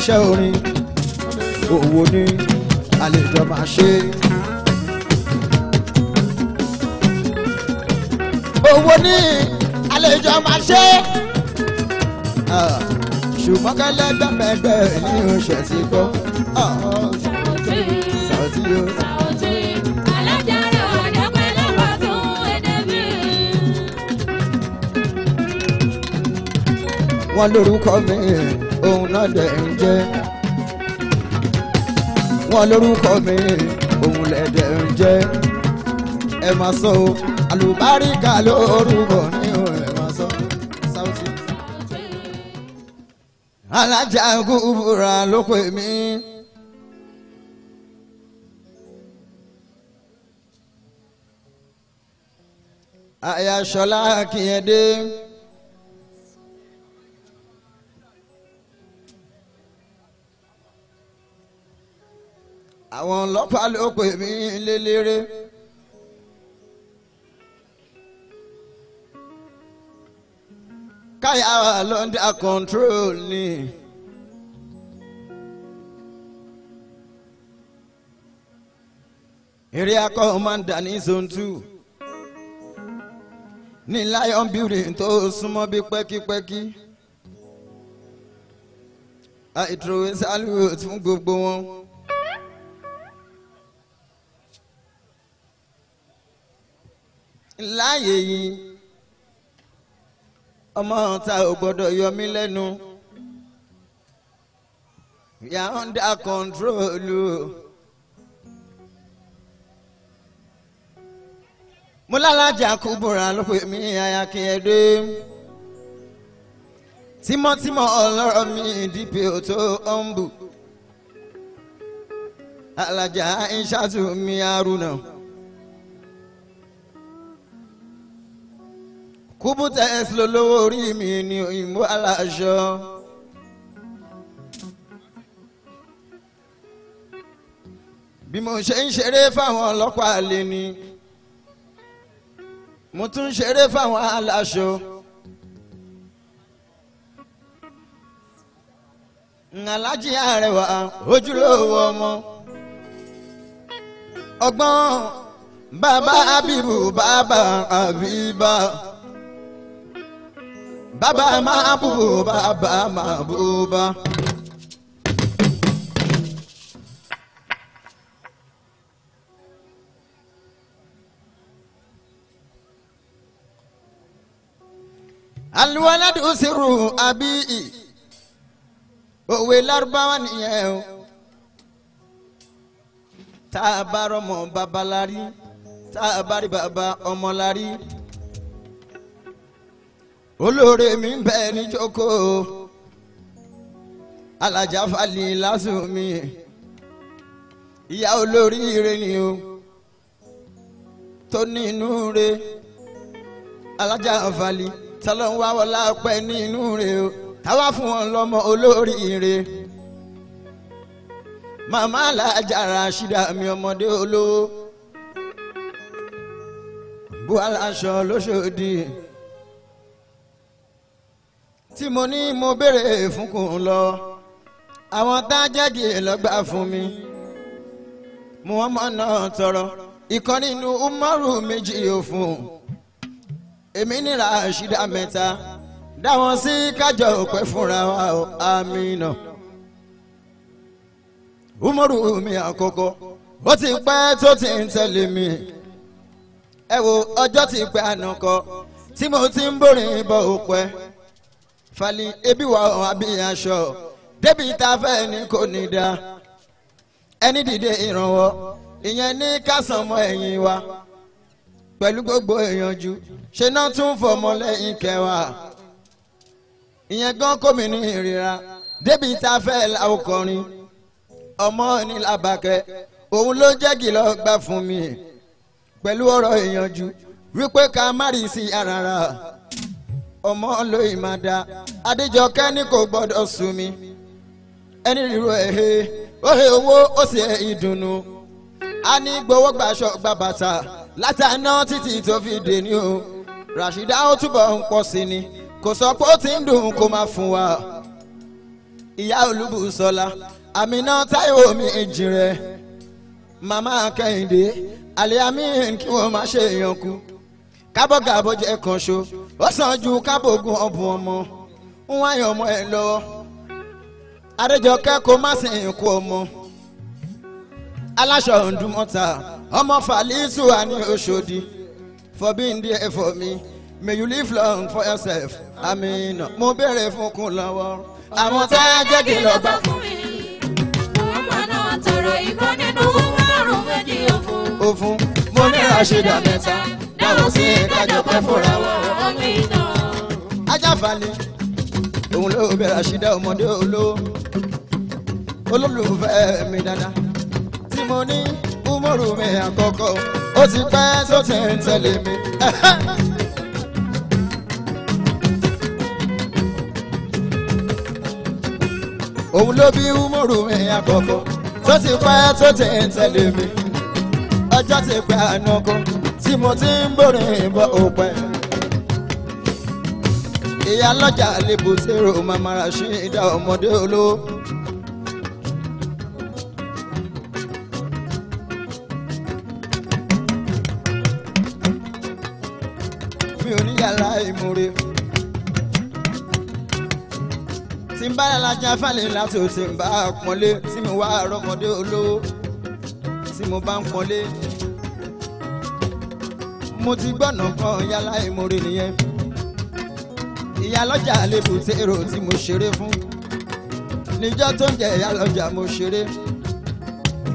iṣẹ́ orin òwò ni a lè jọ máa ṣe. òwò ni a lè jọ máa ṣe. ṣùgbọ́n kẹ́lẹ́ gbẹ́gbẹ́ ní oṣù tí kò. Saoty o. wọ́n lórúkọ mi. òun náà dẹ̀ ń wọn lórúkọ mi òun lẹ̀ dẹ̀ ń jẹ́ ẹ máa sọ o àlùbáríkà lórúkọ ni o ẹ máa sọ Saoty. alájà kúbúra ló pè mí. àwọn ọlọ́pàá ló pè mí lélẹ́rẹ́. káyà wà lọ́ndà control ni. eré akọ́ mọ́ndà ní zone two ní lion building tó súnmọ́ bí pẹ́kípẹ́kí. àìtòwé sálúwò fún gbogbo wọn. láàyè yìí ọmọ ta ò gbọ́dọ̀ yọ mí lẹ́nu we are under control mo lálàjà kú bòrà ló pè mí ayakí ẹdẹ tímọ́tímọ́ ọlọ́rọ̀ mi ìdípe òtó ọ̀nbù alájà ìṣàtúmí arúnà. kúbútẹ́ lólówó orí mi ni òyìnbó aláṣọ. bí mo ṣe ń ṣeré fáwọn ọlọ́pàá lé ni mo tún ń ṣeré fáwọn aláṣọ. ńlájí àrẹwà ojúlówó ọmọ ọgbọ́n bàbá abibu bàbá abiba. Baba máa bù bàbá máa bù bá. alwaladu siru abi'i o tá a bá rọmọ babalárí tá a bá rí baba ọmọlárí olóore mi ń bẹ ní jókòó alájà falẹ̀ lásùn mi ìyá olóríire ni o tó ní inú re alájà falẹ̀ tọ́lọ́wọ́ wọlá pẹ́ ní inú re o táwa fún wọn lọ́mọ olóríire màmá alájà Rashida mi ọmọdé olówó bu aláṣọ lóṣòdì tí mo ní mo béèrè fún kò ń lọ àwọn tá a jẹ́gi lọ́gbà fún mi muhammad náà tọrọ ìkan nínú umaru méjì yóò fún un èmi ní rashida mẹ́ta dáwọn sí kájọ òpẹ́ fúnra wa o amina umaru mi àkọ́kọ́ ó ti pẹ́ tó ti ń tẹ̀lé mi ẹ wo ọjọ́ ti pẹ́ àná tí mo ti ń borí bọ òpẹ́ fali ebi wà wọn àbí aṣọ débi tá a fẹ́ ni kò ní da ẹni dìde ìrànwọ́ ìyẹn ní kásánmọ́ ẹ̀yìn wa pẹ̀lú gbogbo ìyànjú ṣe náà tún fọmọ lẹ́yìn kẹwàá ìyẹn gan kò mí ní ìrira débi tá a la ọkọrin ọmọ ní làbàkẹ́ òun ló jẹ́ kìlọ̀ gbà fún mi pẹ̀lú ọ̀rọ̀ ìyànjú wípé ká má rí sí ara rà. ọmọ lóyìn máa da adéjọkẹ́ ní kò gbọ́dọ̀ sú mi ẹni rírọ ẹ̀hẹ́ òhè owó ó sì ẹ̀ ìdùnnú a ní gbowó gbaṣọ gba bàtà látàná títí tó fi dè ní o Rashida ó túbọ̀ ń pọ̀ sí ni kò sọ pé ó ti ń dùn kó máa fún wa ìyá olúbùsọlá àmìná táìwò mi ìjìnrẹ màmá kẹ́hìndé àlẹ́ àmì kí wọ́n má ṣe èèyàn kú kábọ̀gàbọ̀ jẹ́ kan ṣo. ó sàn ju kábògùn ọ̀bùn ọmọ ń wáyọ̀ ọmọ ẹ̀ lọ́wọ́ adéjọkẹ́ kó má sì ń kú ọmọ aláṣọ ndúmọ́ta ọmọ fàlísù àní Òṣòdì for being there for me may you live long for yourself àmín mo béèrè fún kún lọ́wọ́ àwọn tá a jẹ́ kí lọ gbà fún mi. òun náà tọrọ ìkọ́ nínú márùn-ún méjì òfun. mo ní Ràṣídà mẹ́ta ò ṣe kájọ pẹ́ fúnra wọn. ajáfàlẹ̀ òun ló bẹ̀rẹ̀ àṣìdá ọmọdé olówó olólùfẹ́ mi dáadáa tí mo ní úmọ̀rù mi àkọ́kọ́ ó ti pẹ́ tó ti ń tẹ̀lé mi. òun ló bí úmọ̀rù mi àkọ́kọ́ tó ti pẹ́ tó ti ń tẹ̀lé mi ọjọ́ ti pẹ́ àná kan tí mo ti ń bòrè ìbọn òpin ìyá lọ́jà lébù sérò mamara ṣe ìdá ọmọdé olówó. mi ò ní yàrá ìmúre. tí n bá alájà fàlẹ̀ láti òtí n bá pọ́nlé tí mo wá àrọ́mọdé olówó tí mo bá ń pọ́nlé mo ti gbọ́nà kan yálà ìmúre nìyẹn ìyálọ́jà àlebù tèrò tí mo ṣeré fún níjọ́ tó ń jẹ ìyálọ́jà mo ṣeré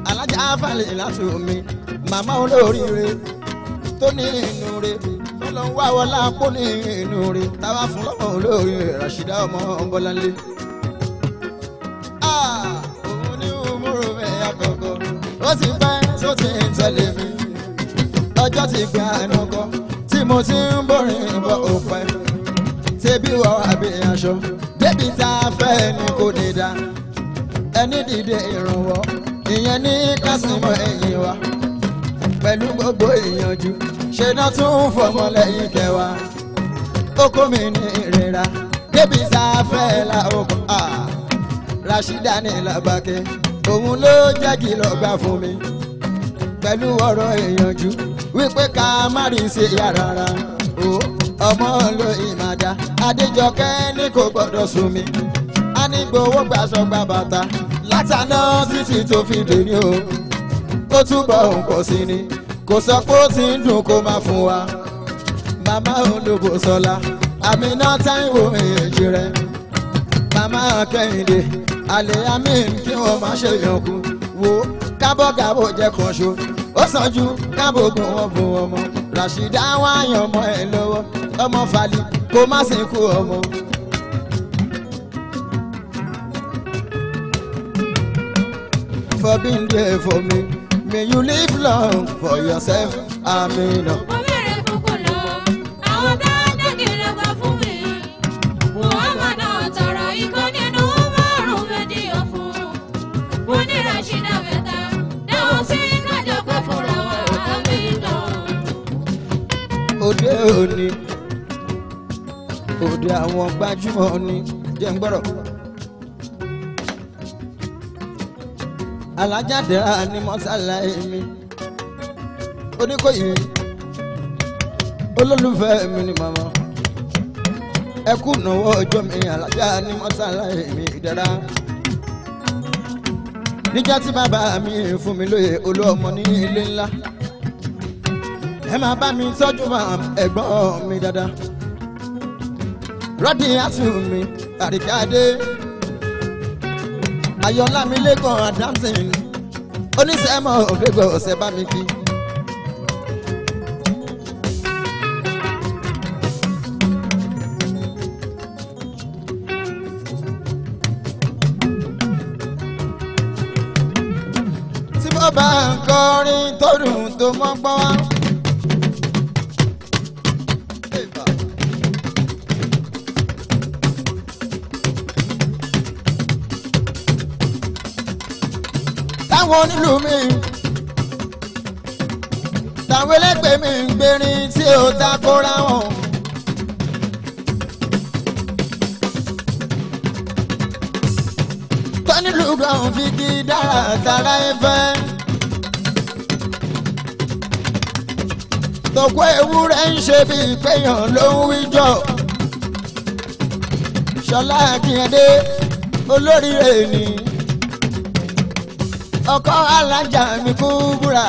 alájà áfàlè láti omi màmá olóríire tó ní inú re tó lọ ń wá wọlá kó ní inú re táwa fún lọ́wọ́ olóríire Ràṣídà ọmọ Bọ́láńlé. Ah, ó ti pẹ́ tó ti ń tẹ̀lé mi ọjọ́ ti gbà ní mo ti ń borin bọ òpẹ tẹbi wọ àbí aṣọ débi tá a fẹ́ ni kò ní dá ẹni dìde ìrànwọ́ ìyẹn ní kásìmọ̀ ẹ̀yìn wa pẹ̀lú gbogbo ìyànjú ṣe náà tún ń fọmọ lẹ́yìn kẹwàá oko mi ní ìrora débi tá a fẹ́ la okùn a Rashida ní làbàkẹ́ òun ló jẹ́ kí lọ́ọ́ gbà fún mi pẹ̀lú ọ̀rọ̀ ìyànjú wípé ká má rí i ṣe yà rárá o ọmọ ló ìmàdá adéjọkẹ́ ní kò gbọ́dọ̀ sùn mí a ní gbowó gbaṣọ gba bàtà látàná títí tó fi dèní o ó túbọ̀ ń pọ̀ sí ni kò sọ pé ó ti ń dùn kó má fún wa màmá olùbòsọlá àmìnà táìwò èjì rẹ màmá kẹ́hìndé àlè amín kí wọ́n má ṣe yànkú wo kábọ́gàbọ̀ jẹ́ kan ṣo ó sàn ju kábògùn wọn bu ọmọ Ràṣídà wáyàn ọmọ ẹ lọ́wọ́ ọmọ Fálì kó má sìnkú ọmọ. for being there for me. May you live long for yourself. Amen. òde òní òde àwọn gbajúmọ̀ ni jẹ́ ń gbọ́rọ̀. alájáde ra ni mọ́sálà èmi oníkòyí olólùfẹ́ mi ni màmá ẹ kú ọjọ́ mi alájà ni mọ́sálà èmi ìdára níjà tí bàbá mi fún mi lóye olú ọmọ ní ilé ńlá ẹ máa bá mi tọ́jú máa ẹ̀gbọ́n mi dáadáa. rọ́dì àsùnmi àríkàdé ayọ̀lá mi lẹ́kàn adamson oníṣẹ́mọ̀ ògbégbọ̀ ọ̀sẹ̀ bá mi kí. tí mo bá ń kọrin tó dùn tó mọ́ gbọ́n wá. táwọn onílùú mi táwọn ẹlẹgbẹ́ mi ń gbérin tí ó takora wọn. tọ́nílùú kan fi kí dára tara ẹ fẹ́. tọ́kọ ewúrẹ́ ń ṣe bíi péyàn ló ń wíjọ. ṣọlá akínyẹ̀dé olórí rẹ̀ nìyí ọkọ alájà mi kú búra.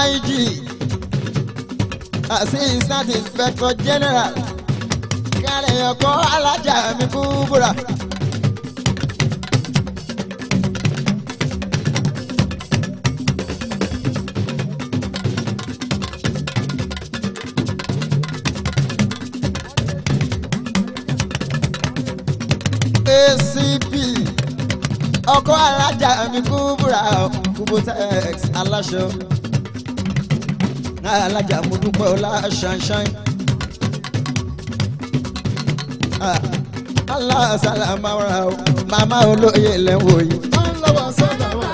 AIG Assistant Inspector General kárẹ̀ ọkọ alájà mi kú búra. alájà mi kú búra Kubotex aláṣọ náà alájà mo dúpẹ́ ọlá ṣanṣan. Ah, aláṣàlámà ra o màmá olóye lẹ́wọ̀ yìí. wọ́n ń lọ́wọ́ sọ́dọ̀ wọn.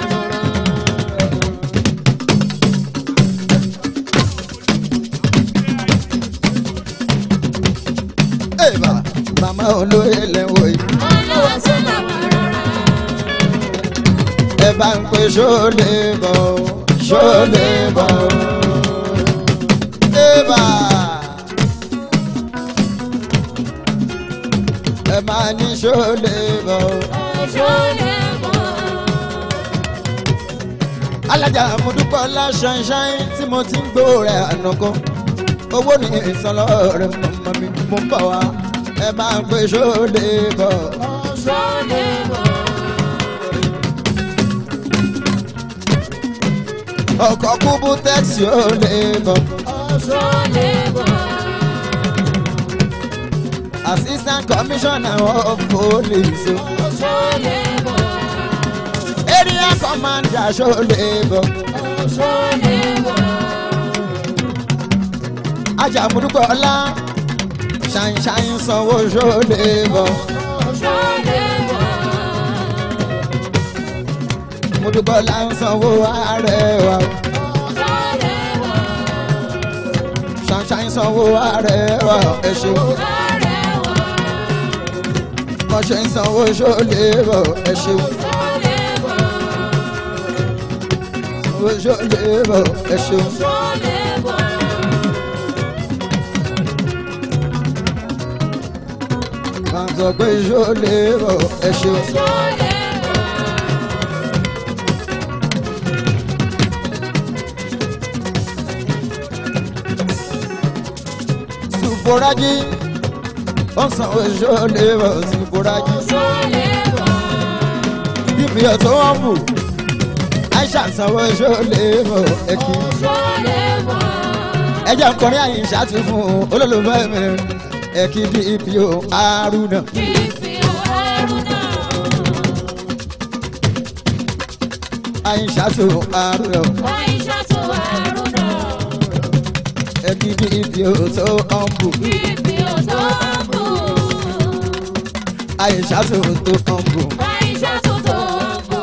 màmá olóye lẹ́wọ̀ yìí. là ń pè ṣóde bọ̀ ṣóde bọ̀. Ébà ẹ máa ní ṣóde bọ̀. ṣóde bọ̀. alájà mo dúpọ̀ láṣánṣán tí mo ti ń gbó rẹ̀ ànàkọ́ owó ní ìsanlọ́ rẹ̀ mọ̀mọ́ mi mo ń bọ̀ wá ẹ máa ń pè ṣóde bọ̀. ṣóde bọ̀. ọkọ̀ kú bú tẹ́sí ó lè bọ̀. ọ̀ṣọ́ lè bọ̀. assistant commissioner of police. ọ̀ṣọ́ lè bọ̀. area commander ṣó lè bọ̀. ọ̀ṣọ́ lè bọ̀. ajá múdúkọ̀ ọ̀la ṣàǹṣàǹ sanwó ṣó lè bọ̀. ọ̀ṣọ́ lè bọ̀. Mọ́dúbọ́lá ń sanwó Arẹwà. Sunshine sanwó Arẹwà ẹ ṣeun. Kọ́ṣe ń sanwó ṣòlébọ̀ ẹ ṣeun. Sanwó ṣòlébọ̀ ẹ ṣeun. sọ pé ṣó lè rọ ẹ ṣeun. Boraji ọ̀sán òṣòlè ọ̀sìn Boraji. ibi ọ̀tọ̀ wọn bù Aisha sanwó òṣòlè mọ̀ ẹ̀kí. ẹjẹ nkọrin Aisha ti fún olólùfẹ́ mi Aruna, DPO Haruna. Aisha tó Haruna. Aisha tó Aruna ẹni bíi tí ó tó ọ̀nbù. bíi tí ó tó ọ̀nbù. àyíṣà tó tó ọ̀nbù. àyíṣà tó tó ọ̀nbù.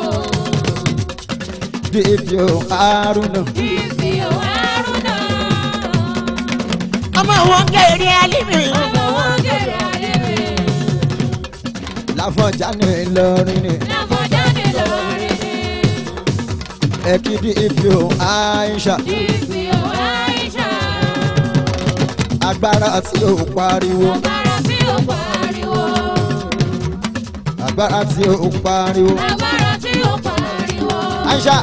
bíi tí ó Haruna. bíi tí ó Haruna. ọmọ wọn kéré alimi. ọmọ wọn kéré alimi. Láfọ̀njá ni Ìlọrin ni. Láfọ̀njá ni Ìlọrin ni. ẹ kí bíi tí ó Àyíṣà. bíi agbára tí ò pariwo. agbára tí ò pariwo. agbára tí ò pariwo. agbára tí ò pariwo. aisha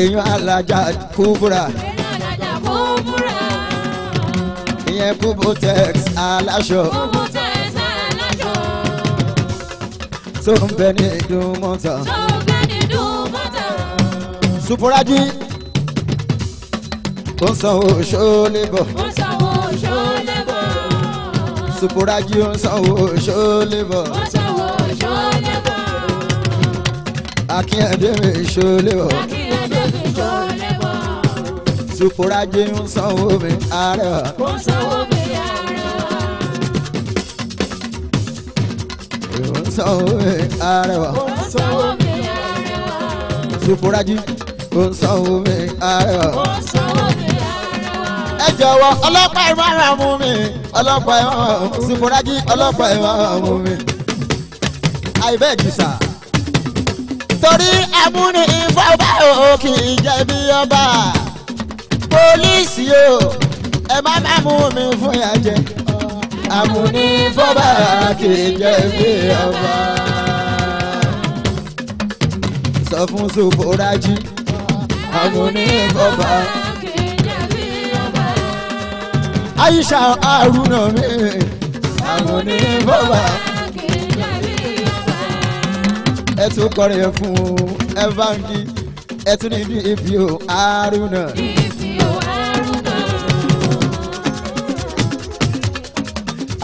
èèyàn alájà kúbúrà. èèyàn alájà kúbúrà. ìyẹn kúbótex aláṣọ. kúbótex aláṣọ. tó ń bẹ ní ìdúmọ̀tà. tó ń bẹ ní ìdúmọ̀tà. Sùpúrájí tó ń sanwó ṣó níbọ̀. ó ń sanwó ṣólébọ̀. Sùpùràjì ó sanwó ṣólébọ̀. Ó sanwó ṣólébọ̀. Akínyẹ̀dé mi ṣólébọ̀. Akínyẹ̀dé mi ṣólébọ̀. Sùpùràjì ó sanwó mi àárẹ̀. Ó sanwó mi àárẹ̀. Ó sanwó mi àárẹ̀. sanwó mi àárẹ̀. sanwó mi àárẹ̀ ẹ jọ̀wọ́ ọlọ́pàá ẹ má ra mú mi ọlọ́pàá ẹ má Sìfọ́rájì ọlọ́pàá mú mi. I beg you sir. torí amúni ìfọwọ́bá o kì í jẹ́ bí ọba pólíìsì o ẹ má má mú mi fún ìyà jẹ. amúni ìfọwọ́bá kì í ọba. sọ fún Sìfọ́rájì amúni ìfọwọ́bá. Aisha Aruna mi. àwọn ní bọ́bà. ẹ tún kọrin fún Evangi ẹ tún ní bí ibi o Haruna.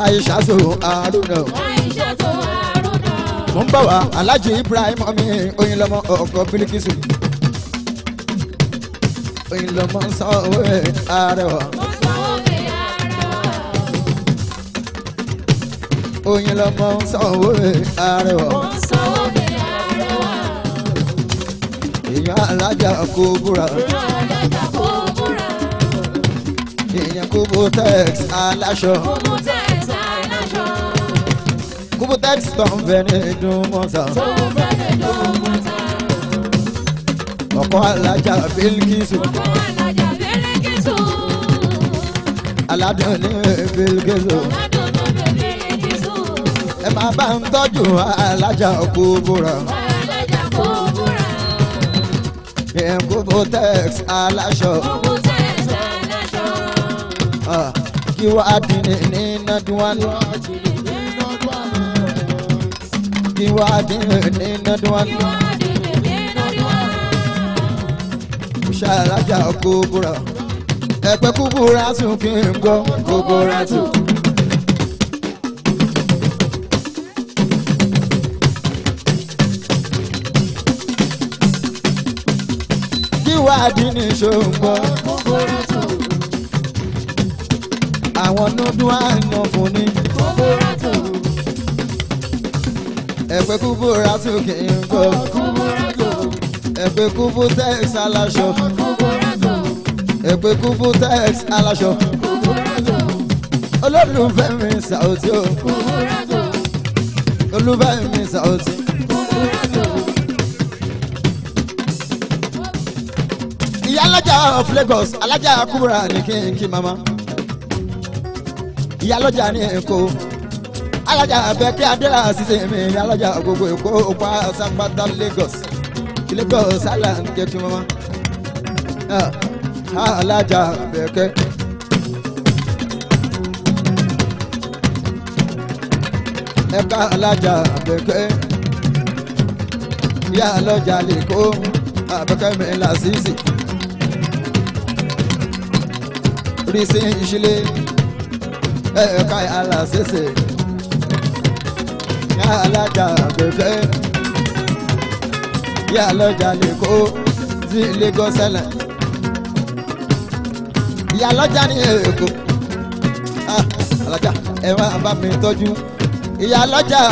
Aisha tó Haruna. Aisha mo ń bọ̀ wá Alhaji Ibrahim mi oyin lọ́mọ ọkọ̀ Bílíkìsù oyin lọ́mọ sọ̀wé arẹwà. oyin lọmọ ń sanwó arẹwà. èèyàn alájà kò búra. èèyàn Kubutex aláṣọ. Kubutex tó ń bẹ ní Ìdúmọ̀tà. ọkọ alájà Bílíkísù. ọkọ alájà Bílíkísù. aládùn ní Bílíkísù ẹ máa bá ń tọ́jú alájà kó búra. alájà kó búra. Kubotex aláṣọ. Kubotex aláṣọ. kí wàá dín ní nádùúwálé. kí wàá dín ní nádùúwálé. kùsà alájà kó búra. ẹ̀pẹ́ kúbúra tún kí n gbọ́. kúbúra tún. wádìí ní ṣòǹgbọ́. àwọn nọdún àná fún ni. ẹ̀pẹ́ kúbúra tó kì í gbọ́. ẹ̀pẹ́ kúbú tex aláṣọ. ẹ̀pẹ́ kúbú tex aláṣọ. olólùfẹ́ mi Saoty o. olùfẹ́ mi Saoty. Alaja of Lagos alaja Kubra ní kínkín mama ìyálọ́jà ní Èkó alájà bẹ́kẹ́ adéra ṣiṣẹ́ mi ìyálọ́jà gbogbo Èkó òpá sàpàtà Lagos Lagos island kínkín mama alájà bẹ́kẹ́. ẹ̀ka alájà bẹ́kẹ́ ìyálọ́jà lè kó àbẹ́kẹ́ mi la sisi. brisi nshile eyo kai ala sese ya alaja bebe ya alaja leko zi lagos island ìyá lọ́jà ní èkó ah, alájà ẹ máa bá mi tọ́jú ìyá lọ́jà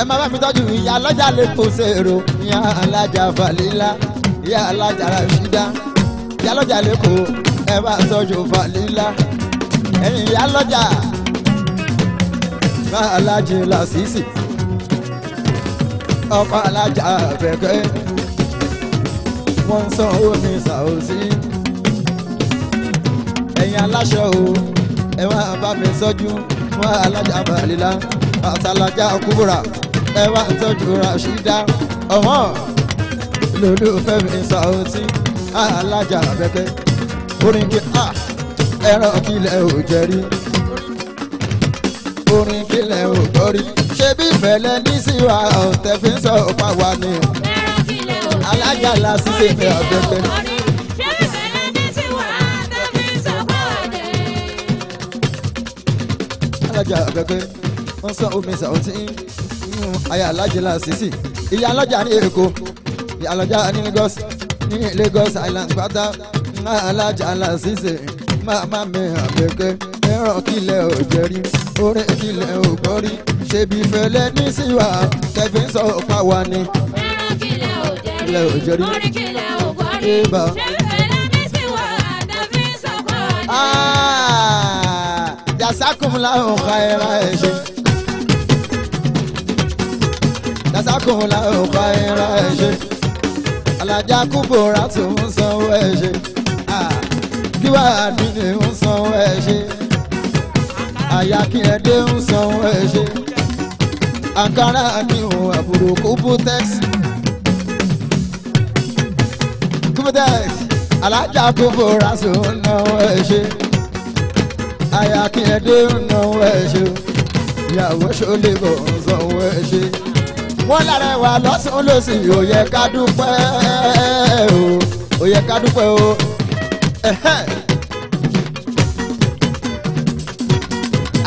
ẹ bá mi tọ́jú ìyá lọ́jà lè kó sèrò ìyá alájà fàlílà ìyá alájà rashida ìyá lọ́jà lẹ́kọ̀ọ́ ẹ bá sọ Yorùbá lílá ẹ̀yin ìyá lọ́jà bá alájẹ làṣìṣì ọkọ alájà àbẹ̀kẹ́ wọ́n ń san owó ní sàòsí ẹ̀yin aláṣọ o ẹ wá bá mi sọ́jú wọ́n alájà bàlílá àtàlájà kúbúrà ẹ wá tọ́jú Rashida ọmọ lòlú fẹ́mi sàòsí alájà bẹ́kẹ́ orin kí a ah, ẹran kílẹ̀ ò jẹ rí orin kílẹ̀ ò gbọ́ rí ṣé bí fẹ̀lẹ́ ní síwá ọ̀tẹ̀ fi ń sọ ọ̀pá wa ni alájà la ṣiṣẹ́ fẹ́ ọ̀bẹ́kẹ́. alájà bẹ́kẹ́ wọ́n sọ omi sàwọ́tí ayé alájà la ṣiṣẹ́ ìyá alájà ní Èkó ìyá alájà ní Lagos ní Lagos Island pátá alájà aláṣìṣe máa mi àbẹ̀kẹ́ ẹ̀rọ kílẹ̀ ò jẹ́rí orí kílẹ̀ ṣebí fẹlẹ́ ní síwá tẹ̀fí sọ pa wá ni. ẹ̀rọ kílẹ̀ ò jẹ́rí orí kílẹ̀ ò gbọ́rí ṣebí fẹlẹ́ ní síwá tẹ̀fí sọ pa wá ni. Ah! jazakumullahu khaira ẹ ṣe. jazakumullahu khaira ẹ ṣe alájà kúbòrà tó ń sanwó ẹ̀ ṣe kíwá àdúnni ń sanwó ẹ̀ ṣe àyà kìrẹ̀dé ń sanwó ẹ̀ ṣe àkàrà ni òun àbúrò kúbútẹ́x kúbútẹ́x alájà kúbòrà tó ń náwó ẹ̀ ṣe àyà kìrẹ̀dé ń náwó ẹ̀ ṣe ìyàwó ṣọlẹ̀ bọ̀ ń sanwó ẹ̀ ṣe wọ́n lárẹwà lọ́sàn-án lọ́sì ó yẹ ká dúpẹ́ o ó yẹ ká dúpẹ́ o.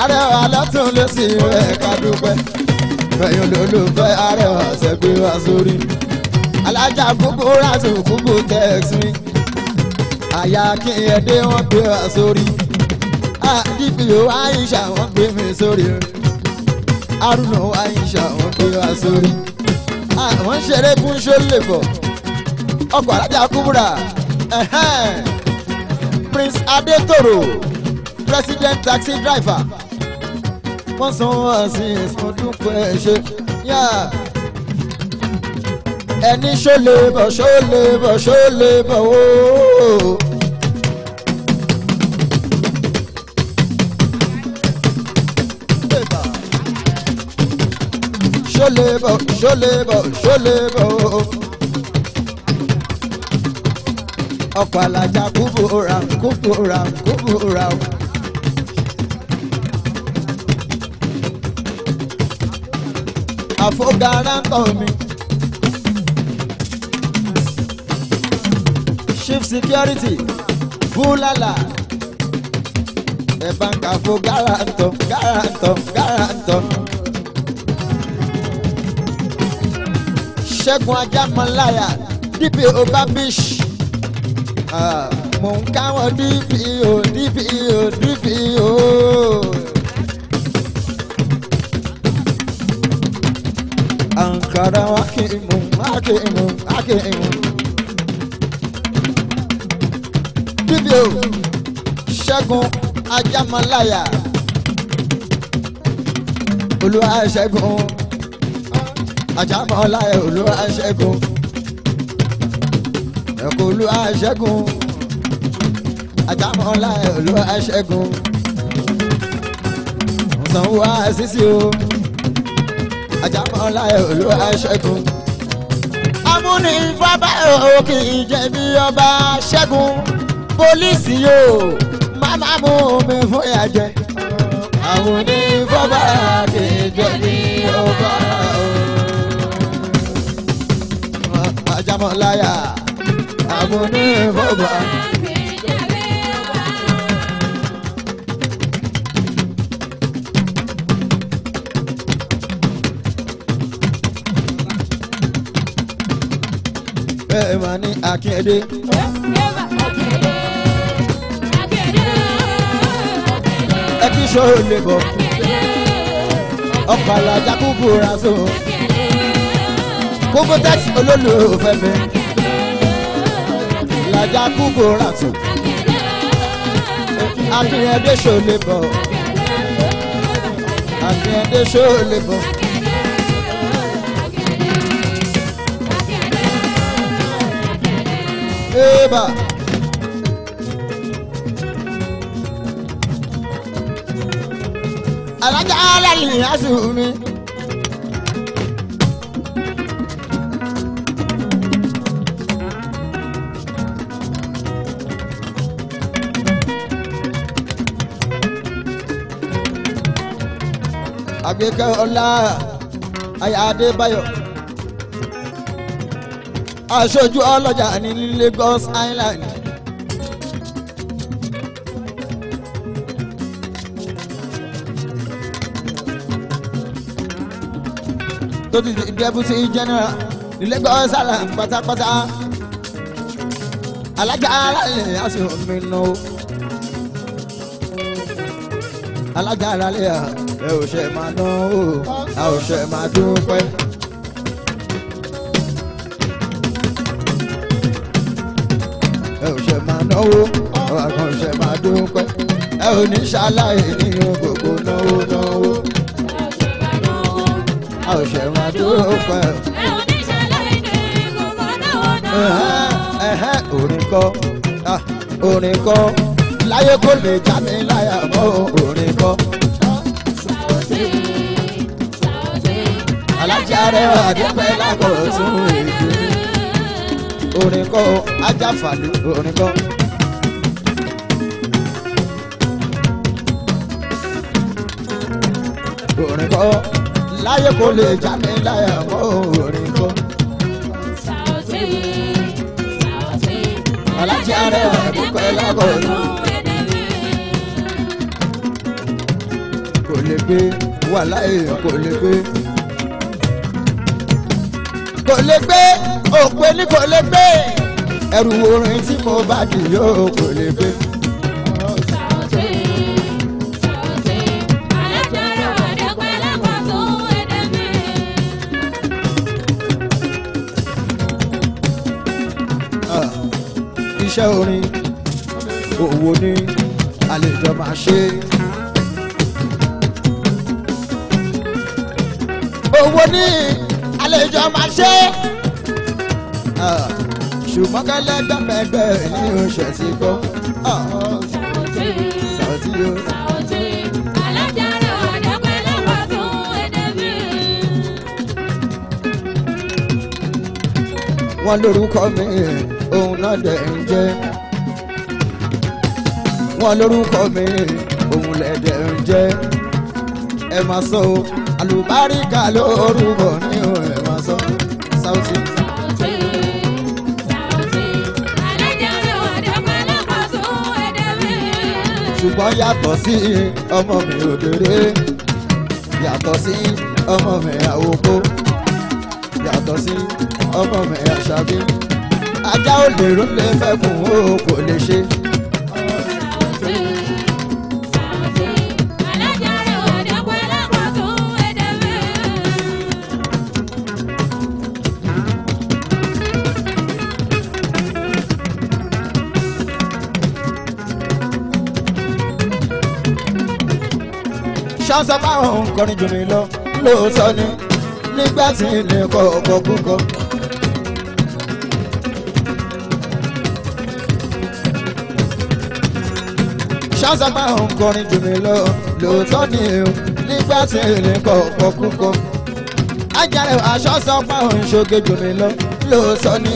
arẹwà lọ́sàn-án lọ́sì ó yẹ ká dúpẹ́ fẹ̀yìn olólùfẹ́ arẹwà ṣẹ́gbẹ́ wa sórí alájà gbogbo rásùn gbogbo tẹ̀sí àyà kí ẹdẹ wọn gbé wa sórí àdìbò àyíṣà wọn gbé mi sórí. Haruna Aisha wọ́n gbé wá sórí. àwọn ń ṣeré fún ṣólèbọ̀ ọkọ̀ alájà kúbúrà Prince Adetoro president taxi driver wọ́n san wọ́n sí ẹ̀sùn dúpọ̀ ẹ̀ ṣe ẹni ṣólèbọ̀ ṣólèbọ̀ ṣólèbọ̀ ooo. ṣólè bọ̀ ṣólè bọ̀ ṣólè bọ̀. ọkọ̀ alájà kúbúra kúbúra kúbúra. àfọ̀gàrà ń tọ̀ mi. chief security búlálà ẹ̀ bá ń kà gàràǹtọ̀ gàràǹtọ̀ gàràǹtọ̀. ṣẹ́gun ajámọ́láyà dpo babish mò ń káwọn dpo dpo dpo. àǹkàrà wa kì í mú a kì í mú a kì í mú. dpo ṣẹ́gun ajámọ́láyà olúwa ṣẹ́gun àjàmọ́ ọlá ẹ̀ olúwa ṣẹ́gun ẹ̀kọ́ olúwa ṣẹ́gun àjàmọ́ ọlá ẹ̀ olúwa ṣẹ́gun sanwó àṣìṣe o àjàmọ́ ọlá ẹ̀ olúwa ṣẹ́gun amúni fábà òkè ìjẹ̀bi ọba ṣẹ́gun pólísì yóò má mú mi fún ìyà jẹ àwọn onífọ́bà ọba. mọ́ láyà àbúrò ìfọ̀gbà. bẹ́ẹ̀ máa ní akéde. ẹ kí sọ́ọ́ lè bọ̀ ọ̀pọ̀ àlàjà kúkú ra sóun kókó tẹ́sí olólùfẹ́ mi làjà kúkú ràtún àfihàn dé ṣòlè bọ̀ àfihàn dé ṣòlè bọ̀. Eba. alájà alárìnrìn àsùnmi. àgbékẹ́ ọlá aya adébáyọ̀ aṣojú ọlọ́jà ní Lagos Island. tó ti di deputy general ní Lagos Island pátápátá alága alálẹ̀ àṣìwọ̀n mi nù alága alálẹ̀ àṣìwọ̀n ẹ ò ṣe máa ná o a ò ṣe máa dúpẹ́. ẹ ò ṣe máa náwó àwọn kan ṣe máa dúpẹ́ ẹ ò ní ṣaláì nínú gbogbo náwó náwó. a ò ṣe máa dúpẹ́. ẹ ò ní ṣaláì nínú gbogbo náwó náwó. orin kọ́ ah, orin kọ́ láyé kò lè já mi láyà mọ́ orin kọ́. alájàre ọ̀dẹ́pẹ́ lákòótún èdè orin kọ́ ajáfàlú orin kọ́. orin kọ́ láyé kò lè já mi láyà mọ́ orin kọ́. alájàre ọ̀dẹ́pẹ́ lákòótún èdè kò lè gbé wàhálà èèyàn kò lè gbé kò lè gbé òpè ní kò lè gbé ẹrù orin tí mo bá dì yóò kò lè gbé. Ah, iṣẹ́ orin òwò ni àlejò máa ṣe. owó ní lè jọ máa ṣe. ṣùgbọ́n kẹ́lẹ́ gbẹ́gbẹ́ ní oṣù tí kò. Saoty o. wọ́n lórúkọ mi òun náà dẹ̀ ń jẹ́. wọ́n lórúkọ mi òun lẹ̀ dẹ̀ ń jẹ́. ẹ máa sọ àlùbáríkà lórúkọ ní òun. ṣùgbọ́n yàtọ̀ sí ọmọ mi òdèrè yàtọ̀ sí ọmọ mi àwòkó yàtọ̀ sí ọmọ mi àṣàbí ajá ò lè ró lè fẹ́ kùn ó kò lè ṣe. ṣọ́sọ báwọn òǹkọrin jù mí lọ lóòótọ́ ni nígbà tí ilé kọ ọkọ̀ púpọ̀. ṣọ́sọ báwọn òǹkọrin jù mí lọ lóòótọ́ ni nígbà tí ilé kọ ọkọ̀ púpọ̀. ajáre aṣọ́sọ báwọn ìṣoge jù mí lọ lóòótọ́ ni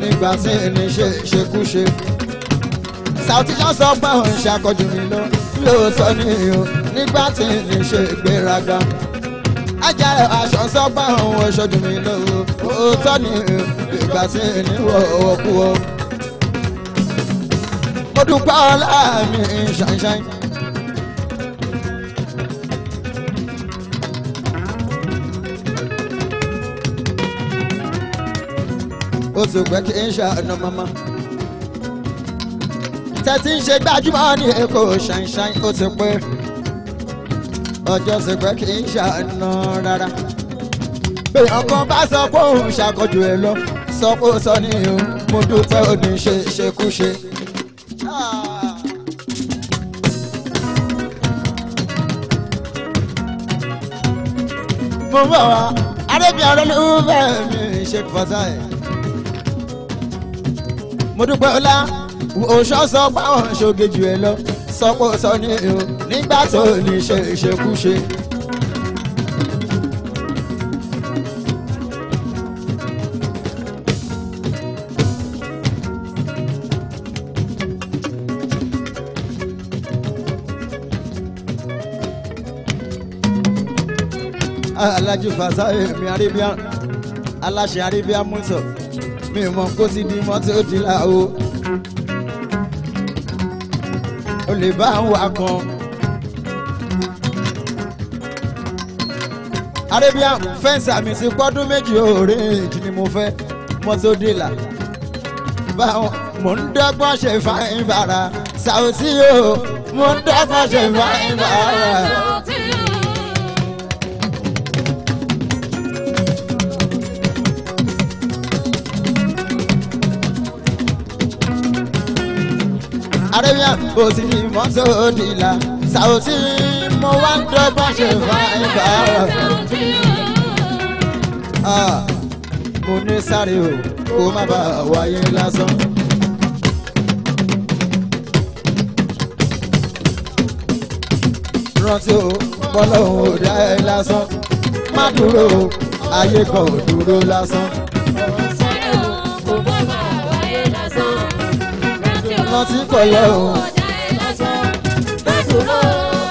nígbà tí ilé ṣe ṣekúṣe. Saoty báwọn ìṣàkọjù mí lọ lóòótọ́ ni nígbà tí n ṣe ìgbéraga ajáyọ aṣọ sọgbà ohun ẹṣọjú mi lọ́wọ́ òótọ́ ni ìgbà tí níwọ ọwọ́ kú ọ. mo dúpẹ́ ọlá mi ṣàǹṣàǹ. ó ti gbẹ kí n ṣàánú mọ́mọ́. tẹ̀sí ń ṣe gbajúmọ̀ ní èkó ṣàǹṣàǹ ó ti pẹ́ ọjọ́ ṣègbè kì í ṣàánú rárá. bẹ́ẹ̀ ọkàn bá sọ pé òun ṣàkójú ẹ lọ sọ pé ó sọ nìyẹn mo dúpẹ́ òní ṣe ṣekúṣe. mo bọ̀ wá arábìnrin ọlọ́lùfẹ́ mi ṣe fọ́sà ẹ̀. mo dúpẹ́ ọlá òṣọ́ sọ pé àwọn ṣoge ẹ lọ sọkóso ní o nígbà tó ní ṣe ìṣekúṣe. alájú fàṣà èmi arábíà aláṣẹ arábíà mú mi mọ kó ti di mọ́tò dìlà o ó lè bá wa kan. Arabian fẹ́ǹsì àmì sí pọ́dún méjì òòrè èjì ni mo fẹ́ mọ́tò dìlà. Báwọn mò ń dọ́gbọ́n ṣe fáyín bàrà, ṣàwùsí o, mò ń dọ́gbọ́n ṣe fáyín bàrà. Arabia ó sì ní mọ́tòdìlà Saoty mo wá ń dọ́gbọ́n ṣe fáìbà rẹ̀. mo ní sáré o kó má bàa wáyé lásán. rántí o bọ́lá òun ò dá ẹ lásán má dúró o ayé kan ò dúró lásán. ọ̀nà tí kò lọ o. ọjà ẹ̀ lọ́sàn bẹ́ẹ̀ dúró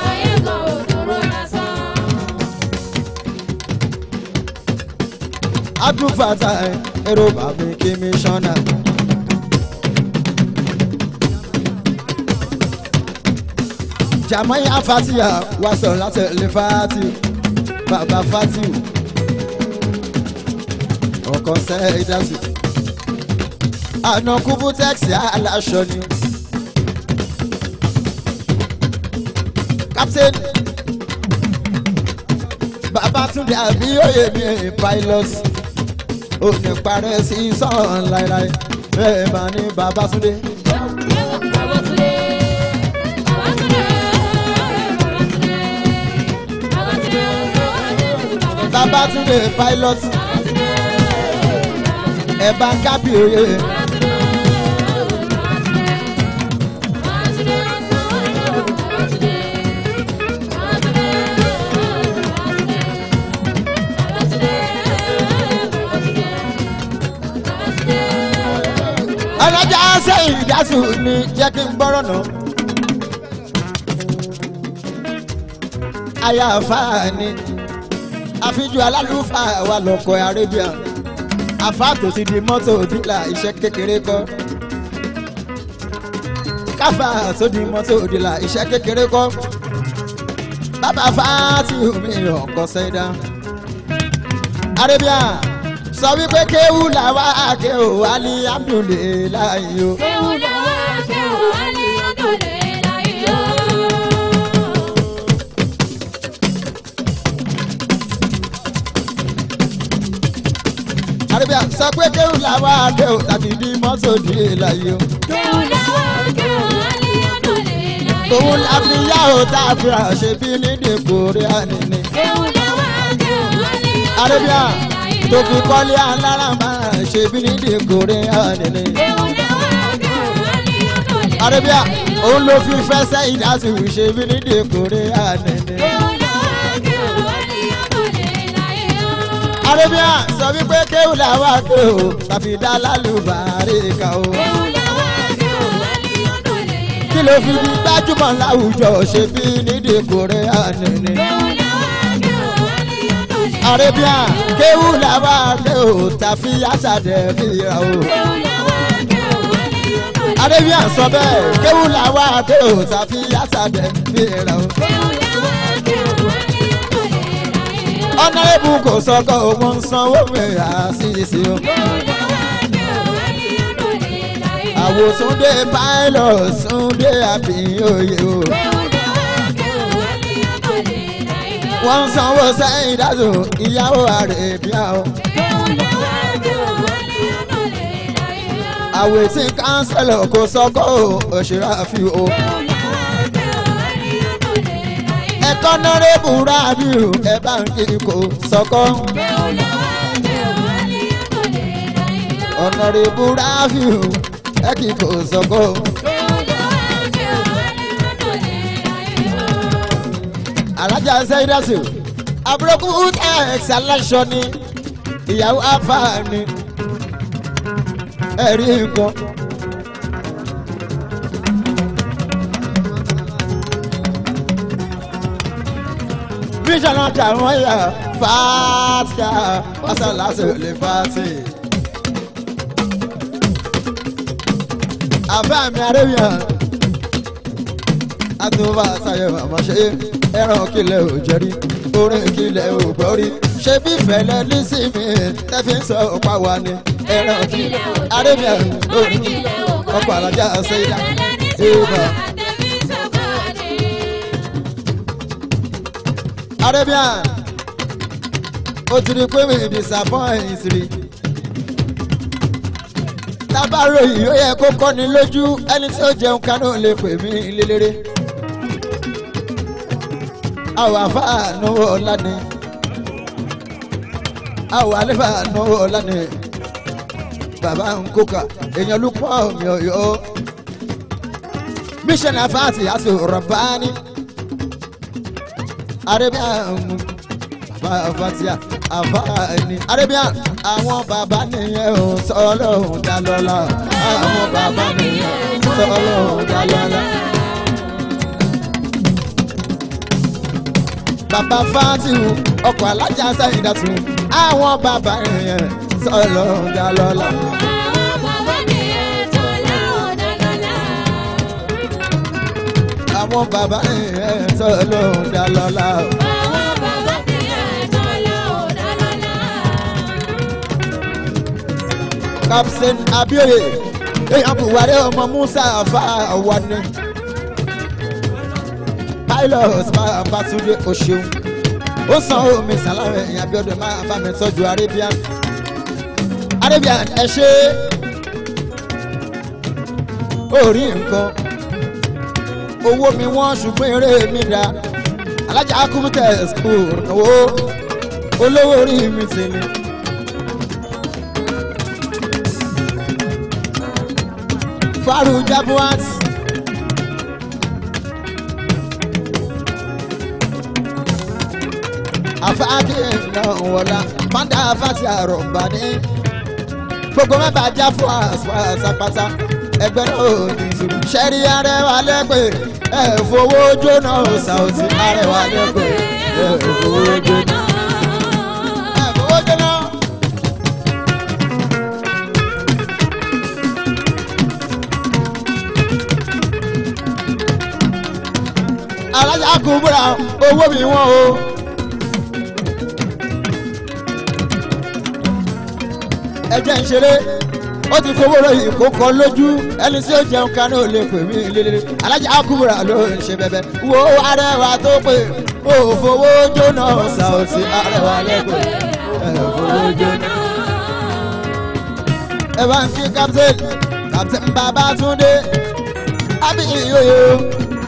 ayé kan ò dúró lásán. adúfàtà èrò bàbá kìmíṣánná. jamaya fatia wàsàn láti lè fati bàbá fatiu ọkọ sẹ́ẹ̀dásì àna kubutex aláṣọ ni. captain Babátúndé àbíyóye mi pilot ò ní parẹ́ sí sọ́ọ̀n láéláé ẹ̀ máa ní Babátúndé. Babátúndé pilot ẹ̀ bá kábíyóye. rọ́jà sẹ́yìn ìdásù ni jẹ́ kí n gbọ́rọ̀ nù. aya àfáàní àfijù alálùfà wa lọ́kọ̀ arabia àfáà tó ti di mọ́tò dílà iṣẹ́ kékeré kọ́ káfà tó di mọ́tò dílà iṣẹ́ kékeré kọ́ Baba fáà tí omi ọkọ̀ sẹ́dá arabia sọ wípé kéwù làwa kéwù alihamudulilayi o. kéwù làwa kéwù alihamudulilayi o. àríbíà sọ pé kéwù làwa kéwù tàbí bí mọ́sọ̀dìlayi o. kéwù làwa kéwù alihamudulilayi o. òun la fi yá o tá a fi rà ṣe bí nídìí kórè ànínní. kéwù làwa kéwù alihamudulilayi o. àríbíà tó fi kọ́lé alárànbá ṣèbí nídìí kórè àdìní. Arabia òun ló fi fẹsẹ̀ ìdásíwì ṣèbí nídìí kórè àdìní. Arabia sọ wípé kéwù làwọn akéwò tàbí dá lálùbárí ká o. kí ló fi gbajúmọ̀ láwùjọ ṣèbí nídìí kórè àdìní àrẹ́bíà kéwù làwà ké o tàfi àṣàdẹ̀ fìyà o. àrẹ́bíà sọ bẹ́ẹ̀ kéwù làwà ké o tàfi àṣàdẹ̀ fìyà o. ọ̀nà èbù kò sọ́kọ̀ òun ń sanwó mẹ́ra sí sí o. àwòsúndé pilot súndé àbí òye o. Kéwù wọ́n sanwó sẹ́yìn dájú ìyàwó àrèbíà o. àwẹ̀ tí kánsẹ̀lẹ̀ kò sọ́kọ́ òṣèré àfi o. ẹ̀kọ́ nọ́rẹ́bù rábìù ẹ̀ bá ń kí kò sọ́kọ́. ọ̀nàrẹ́bù rábìù ẹ̀ kì kò sọ́kọ́. alájà ṣẹ́yìndàsì àbúròkú uta ẹ̀sàlásọ ni ìyàwó àfààní ẹ̀rí nǹkan. bíṣà náà tà wọ́n yà fàtíà wàsálàsì olè fàtì. àbá mi arẹ́bíà àtúbà sáyẹ̀ màmá ṣe é ẹran kílẹ̀ ò jẹ́rí orin kílẹ̀ ò gbọ́rí ṣé bí fẹ̀lẹ́ lísìmí tẹ́ fi ń sọ ọ̀pá wa ni ẹran kílẹ̀ arẹ́bíà orin kílẹ̀ ọ̀pọ̀ alájà ṣe é dá ìbá. arẹ́bíà ó ti rí pé mi disappoint rí tábàárò yìí ó yẹ kó kọ́ni lójú ẹni tí ó jẹun kanú lè pè mí lélẹ́rẹ́ àwọn afáànù ọ̀la ni àwọn alẹ́fàánù ọ̀la ni bàbá ń kóka èèyàn ló pọ̀ mí ọ̀yọ́ mission afaati aso rabbani arabian bàbá afatia afaani arabian àwọn bàbá nìyẹn ò sọ ọlọ́run dá lọ́la àwọn bàbá nìyẹn ò sọ ọlọ́run dá lọ́la. bàbá fatihu ọkọ alájà sẹyìndàtù àwọn bàbá yẹn sọlọ ọjà lọlá. àwọn bàbá yẹn sọlọ ọjà lọlá. Captain Abioye, èèyàn Buhari ọmọ Musa àfa àwọn ni. Silas máa bá Túndé o ṣeun ó san omi sàlárẹ̀ ẹ̀yìn Abíọ́dún máa bá mi tọ́jú Arabian Arabian ẹ ṣe orí nǹkan owó mi wọ́n ṣùgbọ́n eré mi dá alájà akúmútẹ̀ school owó olówó orí mi sì ni. Faru Jabuat. fàájì náà wọlá mọ́ndà fàtí àrùnbá ní. gbogbo mẹ́fà já fún àṣàpàtà ẹgbẹ́ náà ò ní sùn. sẹ́rí arẹwà lẹ́gbẹ̀ẹ́ ẹ̀ fowó jóná ṣàwùsí arẹwà lẹ́gbẹ̀ẹ́ ẹ̀ fowó jóná. alájà kúbúra owó mi wọ́n o. ẹjẹ ń ṣeré ó ti fowó rẹ ìkókọ lójú ẹni tí ó jẹun kan náà lè pè mí lélẹ alájà kúbra ló ń ṣe bẹbẹ wo arẹwà tó pè ó fowó jóná ṣàòsì arẹwà lẹkọọ fowó jóná. ẹ bá ń kí captain captain Babátúndé ábí ìyóyè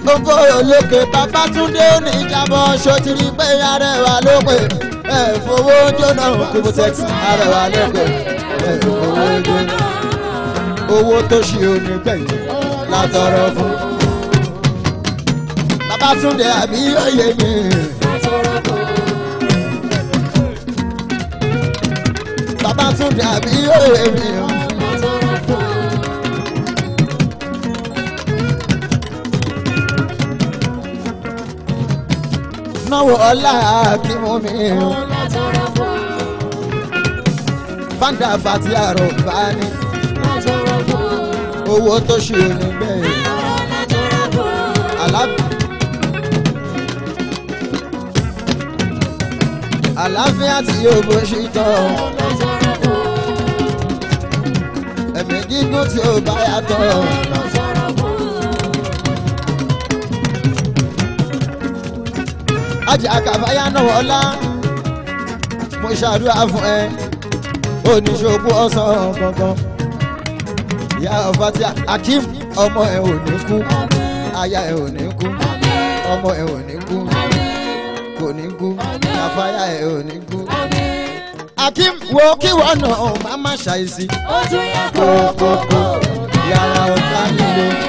gbogbo olókè Babátúndé ní ìjàmbá ṣòtìrí pé arẹwà ló pè ẹ fowó jóná kúbùtẹ́kì arẹwà lẹkọọ bẹ̀rẹ̀ owó jóná owó tó ṣe onígbẹ̀yìn látọrọ fún. Babátúndé abi òye mi. Babátúndé àbí òye mi. náwó ọlá kí mú mi fanda fati àròbá ni. owó tó ṣe é nígbẹ́ yìí. àlàáfíà tí yóò bó ṣe tán. ẹ̀mí gígùn tí ó bá yàtọ̀. ajá kàfáyà náà wọlá mo ṣàdúrà fún ẹ oníṣòwò ọ̀sán gangan. ìyá ọ̀fàtí akim ọmọ ẹ̀ ò ní kú aya ẹ̀ ò ní kú ọmọ ẹ̀ ò ní kú kò ní kú àfáyà ẹ̀ ò ní kú. akim wo kí wọn nà ọ má má ṣàìsí. ó tún yẹ kó kó kó yàrá ọ̀tá nílò.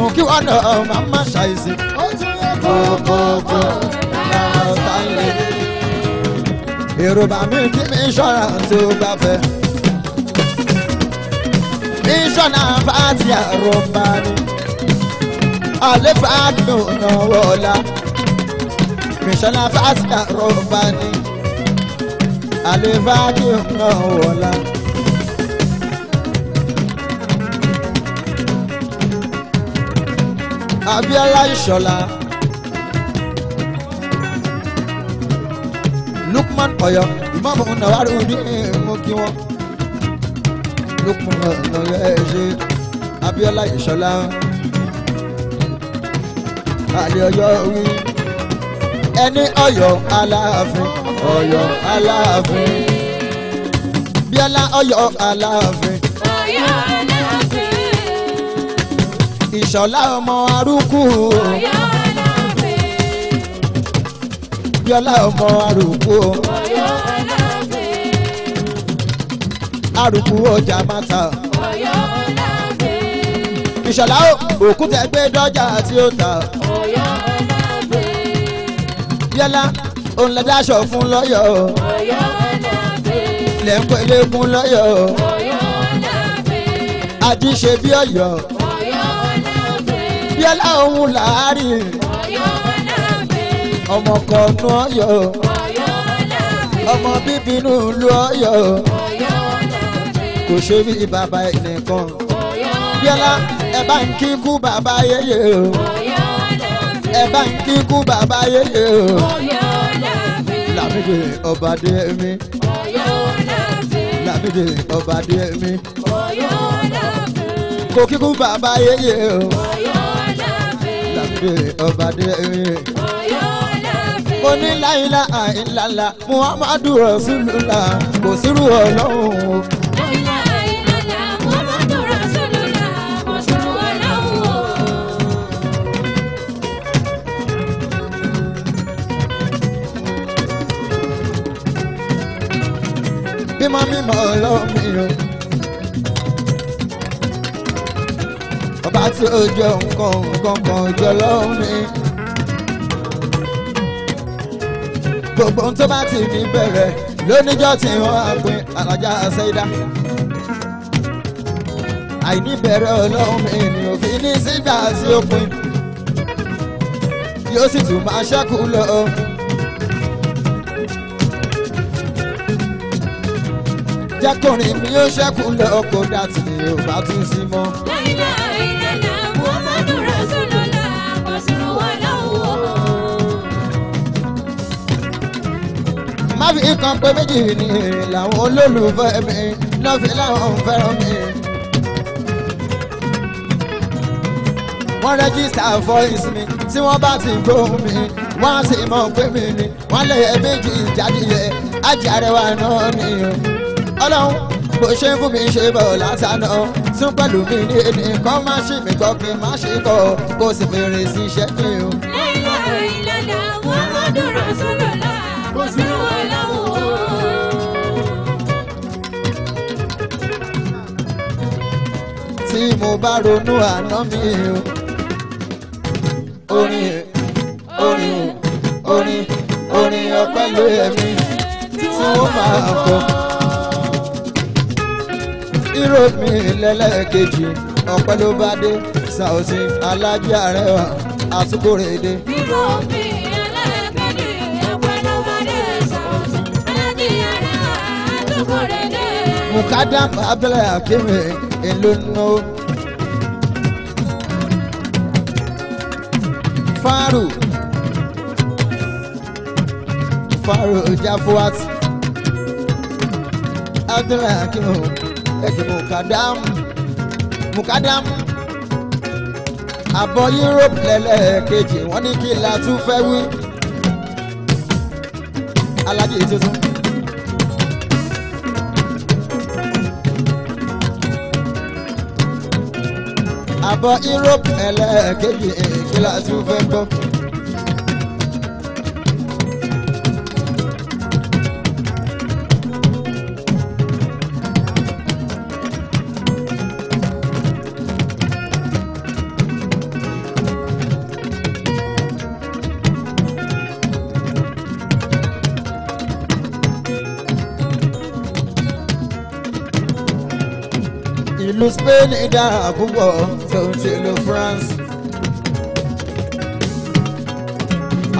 Mukiwa náà máa má ṣàìsí. Ó ti yẹ kókókó náà sálẹ̀. Yorùbá mi kí mi ṣọ́ra tí ó bá fẹ́. Mi ṣọ́nà fàtí àrùnbá ni. Àlefa dùn náà wọ̀ọ́lá. Mi ṣọ́nà fàtí àrùnbá ni. Àlefa dùn náà wọ̀ọ́lá. Abíọ́lá Ìṣọ̀lá Lukman Ọ̀yọ́ ìmọ̀mù nàwárù ní mú Lukman Ọ̀yọ́ ẹ̀ ṣe Abíọ́lá Ìṣọ̀lá àlè Ọ̀yọ́ wí ẹni Ọ̀yọ́ Aláàfin Ọ̀yọ́ Aláàfin Bíọ́lá ṣọlá ọmọ arúkú. Bíọ́lá ọmọ arúkú. Arúkú ọjà mátà. Ìṣọ̀lá òkúta ẹgbẹ́ dọ́jà tí ó ta. Bíọ́lá òun lè dáṣọ fún lọ́yọ̀. Lẹ́ńpẹ́ lẹ́kún lọ́yọ̀. Ají ṣe bí ọ̀yọ́ abíọ́lá òun láàrin. ọ̀yọ́ láàfin. ọmọ kọ̀ọ̀nù ọ̀yọ́. ọ̀yọ́ láàfin. ọmọ bíbí inú ìlú ọ̀yọ́. ọ̀yọ́ láàfin. kò ṣe bí bàbá ẹnìkan. ọ̀yọ́ láàfin. bíọ́lá ẹ bá ń kíkú bàbá yéyé o. ọ̀yọ́ láàfin. ẹ bá ń kíkú bàbá yéyé o. ọ̀yọ́ láàfin. làmìdì ọba dé mi. ọ̀yọ́ láàfin. làmìdì ọba dé mi. ọ̀yọ́ láàfin. kò kíkú bàbá yéyé o. ọ̀yọ́ láàfin dé ọba dé. mo ní láìla àìlàlà muhammadu rasulullah kò sírù ọlọ́run o. bí màmí mọ̀ ọlọ́run mi o. ọba tí ó jẹ nǹkan nǹkan kan jọ lọ́hùn ni. gbogbo ohun tó bá ti ní bẹ̀rẹ̀ lóníjọ́ tí wọ́n á pín alájà àìní bẹ̀rẹ̀ ọlọ́hun ni òfin ní sígbà sí òpin yóò sì tún máa ṣẹ́kù lọ. jẹ́kùnrin mi yóò ṣẹ́kù lọ kó dà tí mi ò bá tún sí mọ́ má fi kan pé méjì ní èrè làwọn olólùfẹ́ mi náà fi láwọn fẹ́ràn mi. wọ́n rẹ́gísítà voice mi tí wọ́n bá ti gbóhùn mi wọ́n á sì mọ̀ pé mi ni wọ́n lè méjì jáde ajá rẹwà náà ni. ọlọ́run bó ṣe fún mi ṣe bọ̀ látàná tún pẹ̀lú mi ní èdè kọ́ má ṣe mí gbọ́ kí n má ṣe kọ́ kó sì fèrè sí iṣẹ́ mi o. lẹ́yìn ọ̀rọ̀ ìlànà àwọn ọmọdé rà sọ́dọ̀ lá kó sì rú wọn láwọn o. tí mo bá ronú àná mi o. orin orin orin orin ọpẹ́ lóye mi tí wọ́n máa kọ́. Europe mi lẹ́lẹ́kejì ọpẹ́ ló bá dé sàòsì alájà Arẹwà àsùkòrèdè. Europe mi lẹ́lẹ́kejì ọpẹ́ ló bá dé sàòsì alájà Arẹwà àsùkòrèdè. mukadam abẹ́lẹ̀ akínmi ìlú nù. faru faru jafuat abdulhakeem ẹ̀sìn mukadam mukadam àbọ̀ Europe lẹ́lẹ́ẹ̀kejì wọ́n ní kí la tún fẹ́ wí alájí tuntun. àbọ̀ Europe lẹ́lẹ́ẹ̀kejì kí la tún fẹ́ gbọ́. Spain dára púpọ̀ tó ti lu France.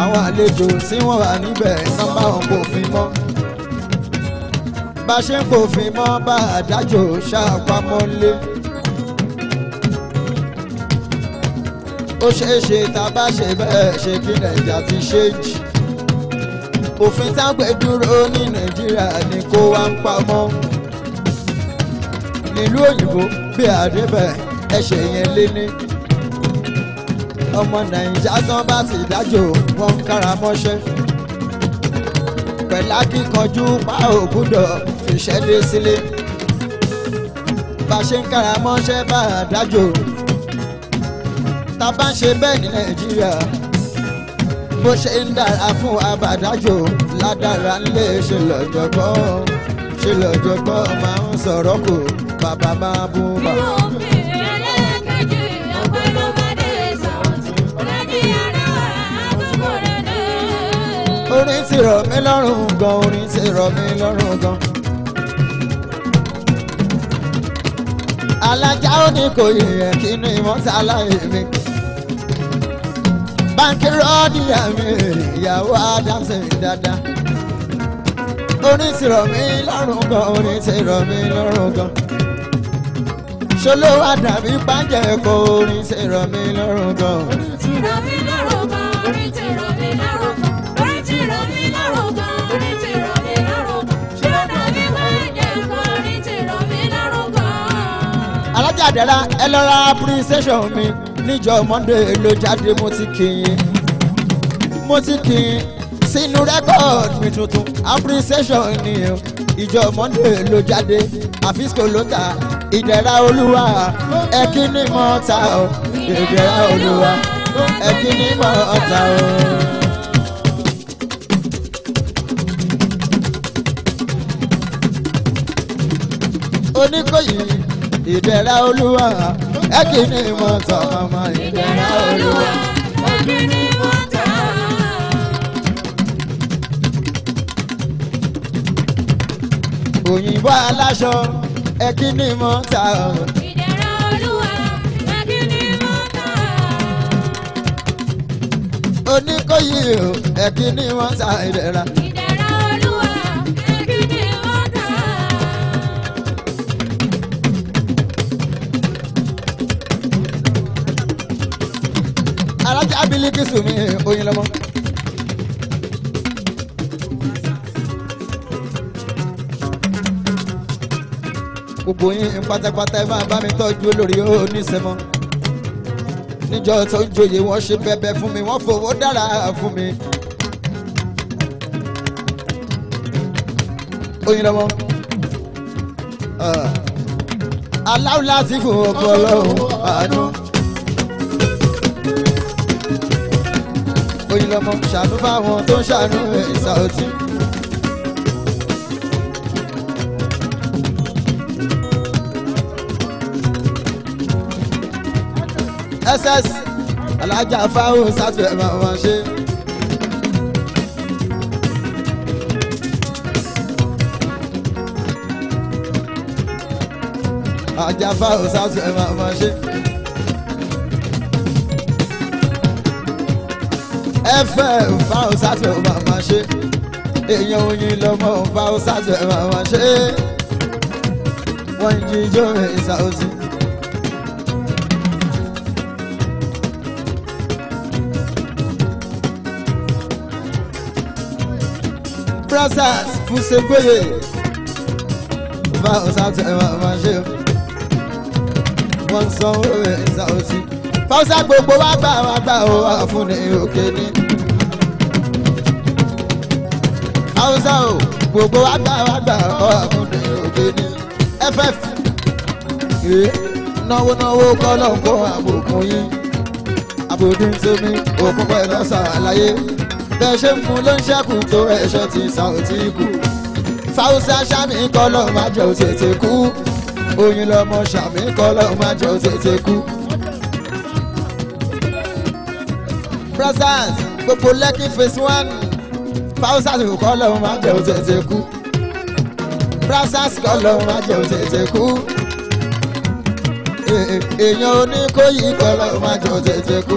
àwọn àlejò tí wọ́n wà níbẹ̀ nọ́mbà wọn kò fi mọ́. bá a ṣe ń kò fi mọ́ bá àdájò ṣàpamọ́ lé. ó ṣeé ṣe tá a bá ṣe bẹ́ẹ̀ ṣe kí nàìjà ti ṣe jì. òfin tágbé dúró ní nàìjíríà ni kó wá ń pamọ́. nílùú òyìnbó bí àdébẹ̀ ẹ̀ṣẹ̀ yẹn lé ní. ọmọ nàìjíríà tán bá ti dájò wọn kára mọ́ṣẹ́. pẹ̀lú akíkanjú pa ògùdọ̀ fìṣẹ́ dé sílé. bá a ṣe ń kára mọ́ṣẹ́ bá a dájò. tá a bá ń ṣe bẹ́ẹ̀ ní nàìjíríà bó ṣe ń dára fún abàdájò ládàra ńlẹ̀ ṣe lọ́jọ́gbọ́n ṣe lọ́jọ́gbọ́n máa ń sọ̀rọ̀ kù bàbá máa bú bà. orin ti rọ̀ mí lọ́rùn gan orin ti rọ̀ mí lọ́rùn gan. alájà ó ní kò yẹ kí ni mọ́tàlá èmi. báńkì rọ́ọ̀dì àmì ìyàwó adamsi dáadáa. orin ti rọ̀ mí lọ́rùn gan orin ti rọ̀ mí lọ́rùn gan ṣó ló wá dàbí pàjẹ́ kó orin ṣe rọ̀ mí lọ́rùn gan. orin ti rọ̀ mí lọ́rùn gan orin ti rọ̀ mí lọ́rùn gan orin ẹ lọ ra appreciation mi níjọ monday ló jáde mo ti kì mo ti kì sínú rẹ́kọ̀d mi tuntun appreciation ni ìjọ monday ló jáde àfisco ló ta ìdẹ̀ra olúwa ẹkí ni mọ̀ ọ́ta o ìdẹ̀ra olúwa ẹkí ni mọ̀ ọ́ta o. oníkòyí ìdẹ̀ra olúwa ẹkí ni mọ̀ ọ́ta ọmọ ìdẹ̀ra olúwa ẹkí ni mọ̀ ọ́ta. òyìnbó aláṣọ ẹ kí ni mo ta o. ìdẹ̀ra olúwa ẹ kí ni mo ta o. oníkóyè o ẹ kí ni mo ta ìdẹ̀ra. ìdẹ̀ra olúwa ẹ kí ni mo ta. alájà Bílíkísù mi oyin lọ́mọ. gbogbo yín pátápátá ẹ máa bá mi tọ́jú olórí oníṣẹ́mọ́ níjọ tó ń joyè wọ́n ṣe bẹ̀bẹ̀ fún mi wọ́n fowó dára fún mi. oyin lọ́mọ ah, aláwọ̀ láti fún ọkọ àánú. oyin lọ́mọ ṣàánú fáwọn tó ń ṣàánú ìsàòtí. ss alájà fáwọn sátúwẹ̀ máa wọ́n ṣe. ajá fáwọn sátúwẹ̀ máa wọ́n ṣe. ẹfẹ̀ fáwọn sátúwẹ̀ máa wọ́n ṣe. èèyàn oyin lọ́mọ fáwọn sátúwẹ̀ máa wọ́n ṣe. wọ́n jíjọ́ ìsàwọ́sí. Brothers fún Ṣègbóyè bá ọ̀sán ẹ̀wọ̀n ṣe wọ́n san owó ìsà òsì. Fáwọ́sá gbogbo wa gbà wá gbà ó wà fún ní òkè ní. Fáwọ́sá o gbogbo wa gbà wá gbà ó wà fún ní òkè ní. FF náwó náwó kọ́ lọ́nkọ́ àbùkù yín àbùdí ń sẹ́mi òkú pẹ̀lú ọ̀sán àlàyé bẹ́ ṣe ń mu ló ń ṣẹ́kù tó ẹ̀ṣọ́ ti Saoty kù fáwùsà sàmì kọ́lọ́ má jẹ́ ó tètè kú oyin lọ́mọ sàmì kọ́lọ́ má jẹ́ ó tètè kú. brothers gbogbo lẹ́kì phase one fáwùsà kọ́lọ́ má jẹ́ ó tètè kú brothers kọ́lọ́ má jẹ́ ó tètè kú èèyàn oníkóyí kọ́lọ́ má jẹ́ ó tètè kú.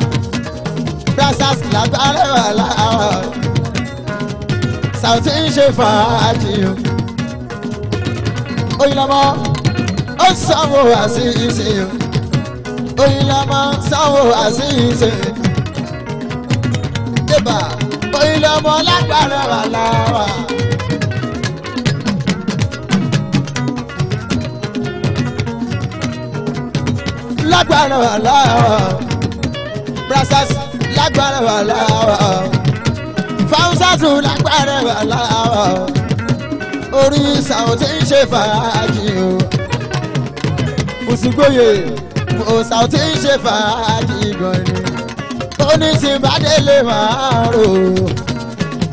Brassers lágbára wà láàárọ̀ Saoty ń ṣe o. Oyinlọmọ ó sanwó àṣìṣe o. Oyinlọmọ sanwó àṣìṣe. Débà Oyinlọmọ lágbára wà láàárọ̀. lágbára aláwọ̀ Brassers lágbára wà láwà o fáwùsàtù lágbára wà láwà o orí sàwọn tí ń ṣe fàájì o fùsùgbòye òsàwọn tí ń ṣe fàájì gan ni ó ní tí bá délé máa rò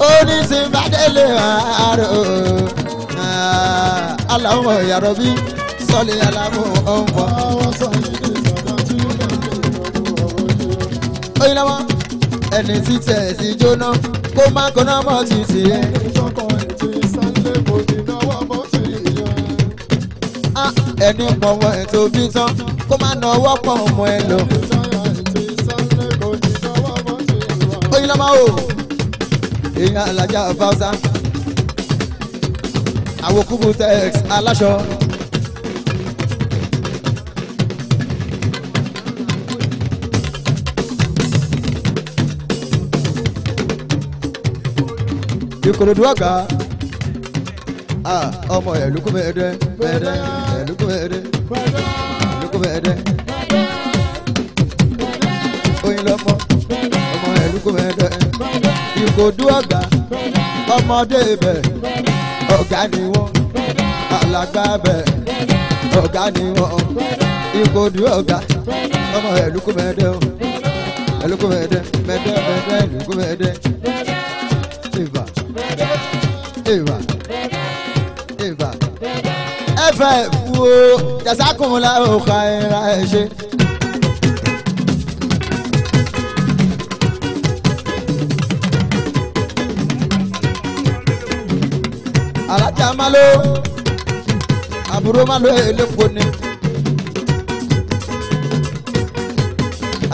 ó ní tí bá délé máa rò ah, aláwọ̀ yàrá bí sọ́lé aláwọ̀ ọ̀hún. oyinlọ́wọ́ ẹni tí tẹ̀ sí jóná kó má kọ́nà mọ́ ti tì í. ẹni pọ̀wọ́ ẹ̀ tó bí tán kó má nọwọ́ pọ̀ ọmọ ẹ lọ. oyin lọ́mọ o èèyàn alájà fáwọsá àwòkúbu tex aláṣọ. Ìkòròdú Ọ̀gá ah, ọmọ ẹ̀lúkúmẹ̀ẹ́dẹ́ mẹ́ẹ́dẹ́ ẹ̀lúkúmẹ̀ẹ́dẹ́ ẹ̀lúkúmẹ̀ẹ́dẹ́ oyin lọ́mọ ọmọ ẹ̀lúkúmẹ̀ẹ́dẹ́ Ìkòròdú Ọ̀gá ọmọdé ibẹ̀ ọ̀gá ni wọ́n alàgbà bẹ̀ ọ̀gá ni wọ́n Ìkòròdú Ọ̀gá ọmọ ẹ̀lúkúmẹ̀ẹ́dẹ́ ẹ̀lúkúmẹ̀ẹ́dẹ́ mẹ́ẹ́dẹ́ mẹ́ẹ́dẹ́ ẹ̀lúkúmẹ̀ẹ́dẹ́ eva eva ẹfẹ wo jasakunla ọkọ ẹra ẹ ṣe. alájà máa lo àbúrò máa lo elépo ni.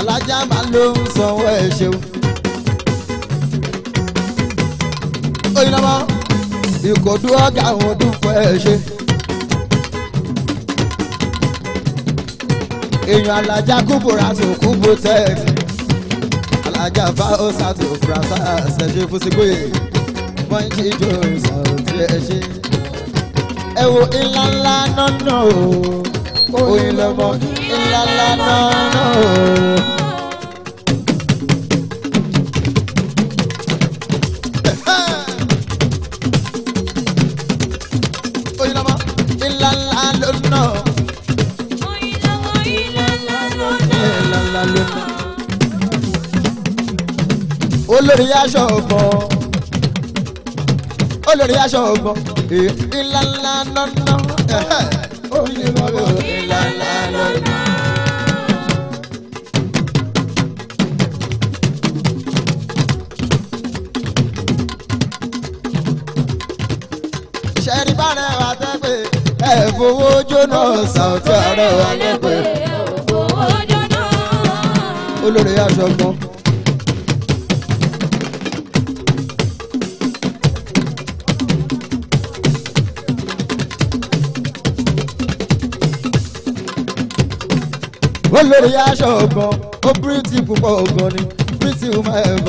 alájà máa lo sanwó ẹ ṣeun. oyinlọ́mọ ìkòdú ọ̀gá àwọn dúpẹ́ ẹ ṣe. èèyàn alájà kúbúra tó kú bó tẹ́ẹ̀tì alájà fáwọ́sà tó furasà ṣẹ̀ṣẹ̀ fúsígbè wọ́n ń ṣe ìjọ ìsọ̀rọ̀ tí ẹ ṣe. ẹ wo ńlá ńlá náà náà o oyin lọmọ ńlá ńlá náà náà o. olórí aṣọ ọgbọ́n olórí aṣọ ọgbọ́n eh, ìlànà lọ́nà oyin lọ́wọ́ ìlànà lọ́nà. ṣẹ́ni bá rẹ̀ wá tẹ́ pé ẹ̀ fowó jóná ṣàwùjọ àárẹ̀ wá lẹ́pẹ́ olórí aṣọ ọgbọ́n. lórí aṣọ ọgbọ̀n ó píríntì púpọ̀ ọgbọ̀n ni píríntì human health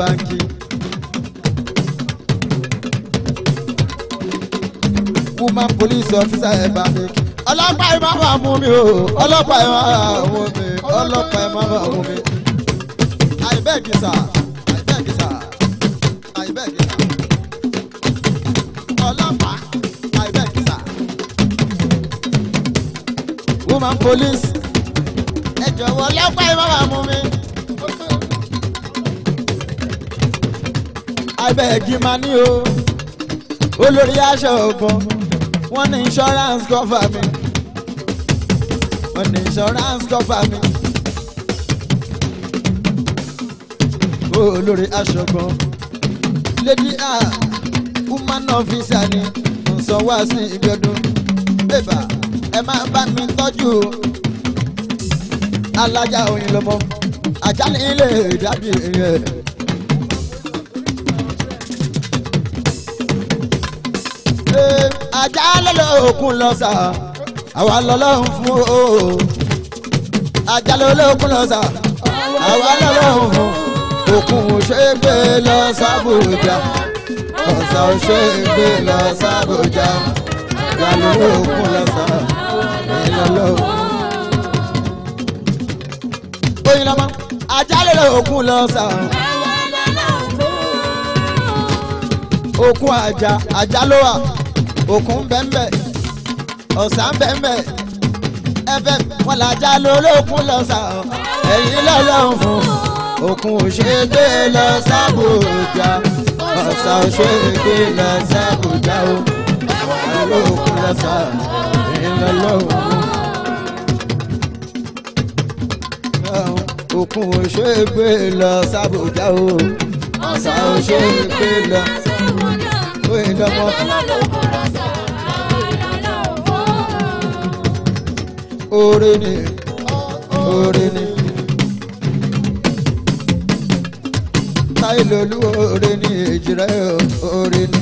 woman police officer health banking. ọlọ́pàá ẹ̀ má mú mi o ọlọ́pàá ẹ̀ má mú mi ọlọ́pàá ẹ̀ má mú mi. I beg you sir I beg ọlọ́pàá I beg woman police jọ̀wọ́ lẹ́pẹ́ ìmọ̀ràn mú mi. abẹ́ẹ̀gì máa ní o olórí aṣọ ògùn wọ́n ní insurance cover mi wọ́n ní insurance cover mi. olórí aṣọ ògùn lady a woman officer ni nsọ wá sí ibi ọdún bébà ẹ máa bá mi tọ́jú o alájà oyin lọmọ ajá ní ilé ìdábì yẹn. ajá lọ́lọ́ òkun lọ sà àwa lọ́lọ́run fún o ajá lọ́lọ́ òkun lọ sà àwa lọ́lọ́run fún òkun ṣe gbé lọ sábòjà ọ̀sà ò lọ sábòjà ajá lọ́lọ́ òkun lọ sà àwa lọ́lọ́run oyin lọ́mọ àjálẹ̀ lọ òkun lọ sà. òkun àjà àjà ló wà òkun bẹ́ẹ̀nbẹ́ ọ̀sán bẹ́ẹ̀nbẹ́ ẹ̀fẹ̀ wọn làjà lólókun lọ sà ẹ̀yìn lọ́lọ́run fún òkun òṣègbè lọ sábòjà ọ̀sán òṣègbè lọ sábòjà o àwọn lọ sà fún. òkun ò ṣe é gbé lọ sábòjá o ọ̀sà ò ṣe é gbé lọ sábòjá o ìdánwò. oore ni oore ni táyé lolú oore ni èjìrẹ́ oore ni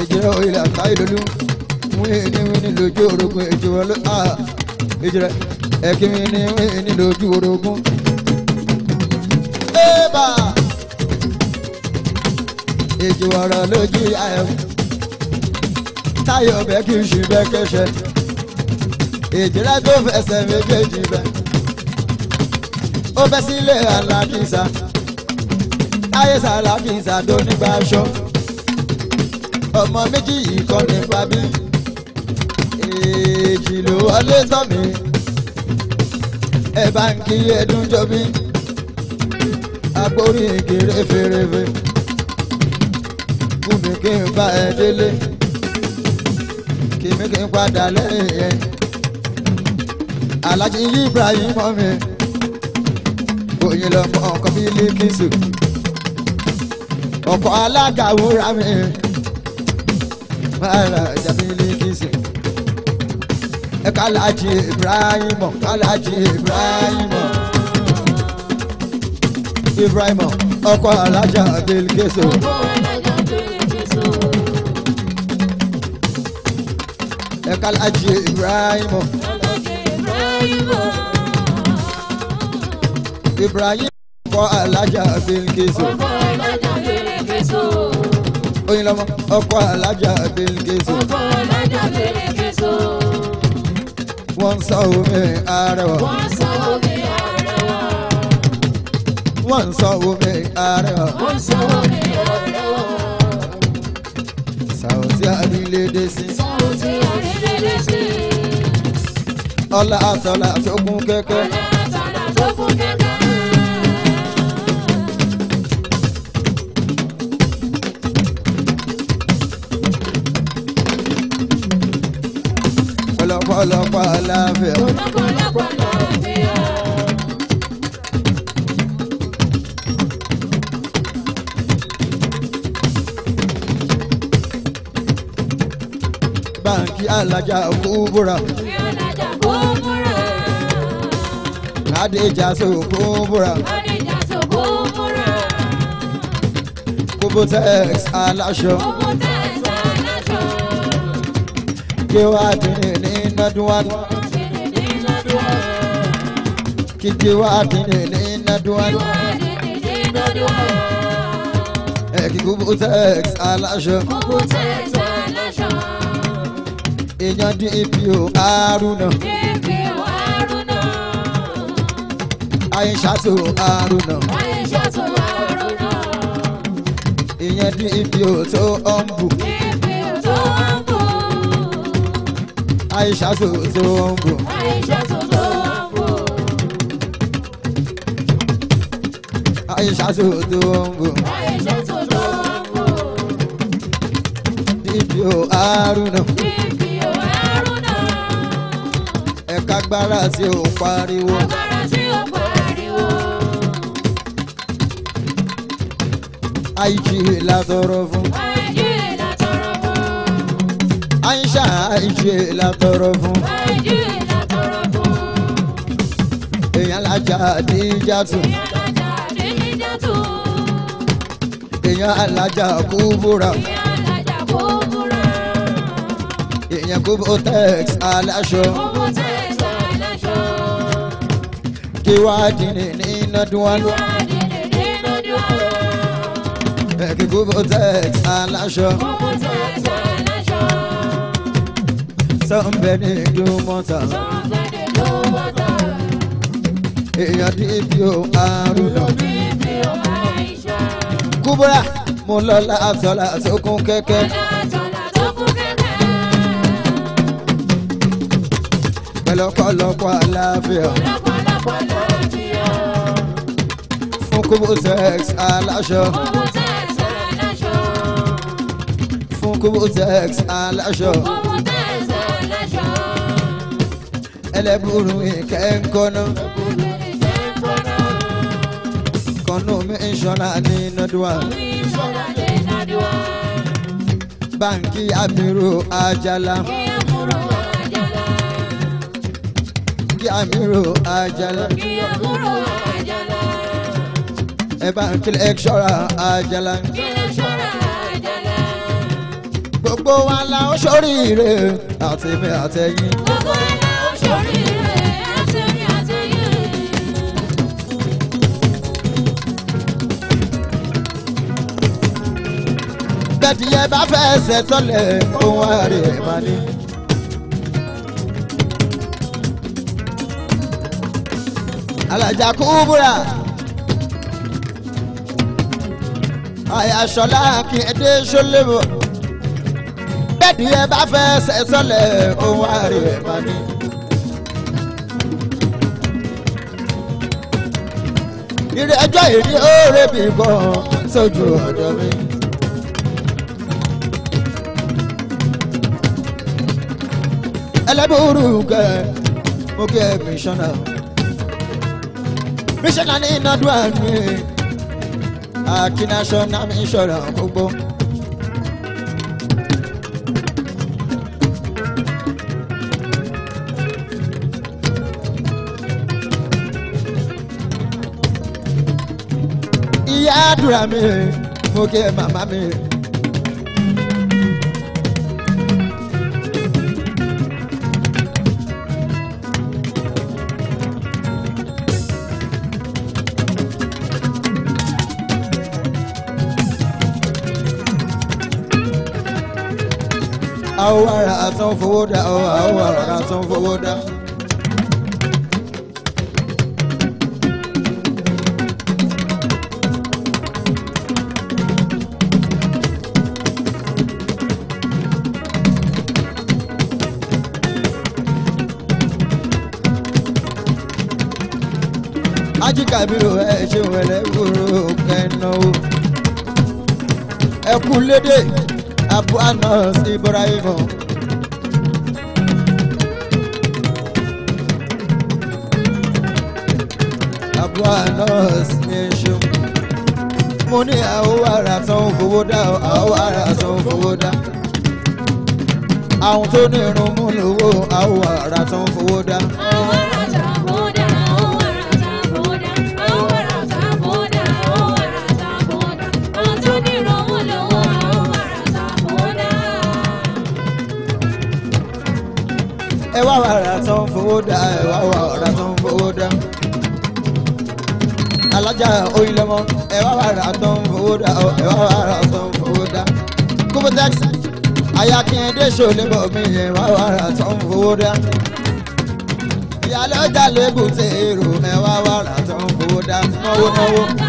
èjìrẹ́ òyìnbó táyé lolú wíní wíní lójú orogún èjìrẹ́ ẹ̀kí mi ní ní lójú orogún. ẹ̀bà ìjù ọ̀rọ̀ lójú ìyá ẹ̀ táyọ̀ bẹ́ẹ̀ kì í ṣe bẹ́ẹ̀ kẹ́sẹ̀ ìjìnlẹ̀ tó fẹsẹ̀ méjèèjì bẹ́ẹ̀ ó fẹ́ sílé alákìsà táyé sàlákìsà tó nígbà aṣọ ọmọ méjì yìí kọ́ nípa bí èjì ló wọlé tán mi ẹ bá ń kí ẹdún jọbí agbórí igi réferèfe kùmí kí n bá ẹ délé kìmí kí n padà lẹ́yìn ẹ alájí Ibrahim mọ́ mi bóyin lọ́mọ ọkọ Bílíkísù ọkọ alága wúrà mi. Bye kalaji Ibrahim kalaji Ibrahim Ibrahim ọkọ alájà Bilkisu. kalaji Ibrahim. Ibrahim ọkọ alájà Bilkisu. Oyinlọmọ ọkọ alájà Bilkisu. ọkọ alájà Bilkisu. One sọ me arewa, one sọ me arewa, one sọ me arewa, one sọ me arewa. Saoty Adelede sí. Saoty Adelede sí. ọlá àtọ̀là tó kún kẹ́kẹ́. ọlá àtọ̀là tó lọ́pọ̀lọpọ̀ láfẹ́. lọ́pọ̀lọpọ̀ láfẹ́. báńkì alájà kúbúrà. alájà kúbúrà. kádìjà so kúbúrà. kádìjà so kúbúrà. kúbútẹ́ẹ̀sì aláṣọ. kúbútẹ́ẹ̀sì aláṣọ. kí wàá dín ní. ندوان كيجي وعدني لي ندوان اكي كوبوتكس على شو èèyàn dpo aruna àyíṣàtò aruna èèyàn dpo tó ọ̀nbù. Aisha tó Aisha tó Aisha tó tó Aisha tó tó ń bò. Bíbí o Haruna. Bíbí o Haruna. Ẹ̀ka agbára tí ó pariwo. Agbára la tọrọ fún. láìṣe látọrọ fún. láìṣe látọrọ fún. èèyàn alájà níjà tù. èèyàn alájà níjà tù. èèyàn alájà kúbúrà. èèyàn alájà kúbúrà. èèyàn kúbótẹ́ẹ̀sì aláṣọ. kúbótẹ́ẹ̀sì aláṣọ. kí wàá dìní Kiwa dini kí wàá dìní nínú dúwọ́nú. ẹ̀kí kúbótẹ́ẹ̀sì aláṣọ. kúbótẹ́ẹ̀sì aláṣọ. Somebody do water. Somebody do water. Èèyàn níbi o àrùnà. Kúbúrà mo lọ láàtọ̀là sókun kẹ́kẹ́. Pẹ̀lọ́pọ̀lọpọ̀ àlàáfíà. Fún kúbú sex aláṣọ. Fún kúbú sex aláṣọ. Eleburu, ìkẹ́ ńkọ́nà. kọ́nù mi ń ni ní Banki báńkì àmìrò àjàlá. kí àmìrò àjàlá. ẹ báńkì ẹ ṣọ́ra àjàlá. gbogbo wa la ó ṣoríire àti mi àtẹ̀yìn. gbogbo tẹ́tìyẹ bá fẹsẹ̀ tọ́lẹ̀ ohun ààrẹ máa ní. alájà kúbúrà àyàṣọlá kì í dé ṣọlẹ́bù tẹ́tìyẹ bá fẹsẹ̀ tọ́lẹ̀ ohun ààrẹ máa ní. ìrẹ́jọ́ ìrí ó rẹ́bí gan sójú ọ̀dọ́ mi. ẹlẹ́bùrú kẹ́ mo kí ẹ mísọ́nà mísọ́nà ní inádùn àmì àkínásọ́nà mísọ́nà gbogbo. ìyá àdúrà mi mo kí ẹ màmá mi. Awara ará àtún fowó dá àwọn ará àtún fowó dá. ajíkàbírò ẹ ṣe wẹlẹ gbòòrò kẹnà o lédè. Anas Ibrahim. Abu Anas Yeshum. Mo ní àwọn ará tó ń fowó dá àwọn ará tó ń fowó dá. Àwọn tó ní irun mú lówó ẹ wá wàrà tó ń fowó dá ẹ wá wàrà tó ń fowó dá. alájà oyinlẹ́mọ ẹ wá tó ń fowó dá ẹ wá tó ń fowó dá. kubutex ayakinde ṣòlébọ̀ mi ẹ wá wàrà tó ń fowó dá. ìyálọ́jà lébùté èrò ẹ wá tó ń fowó dá. náwó náwó.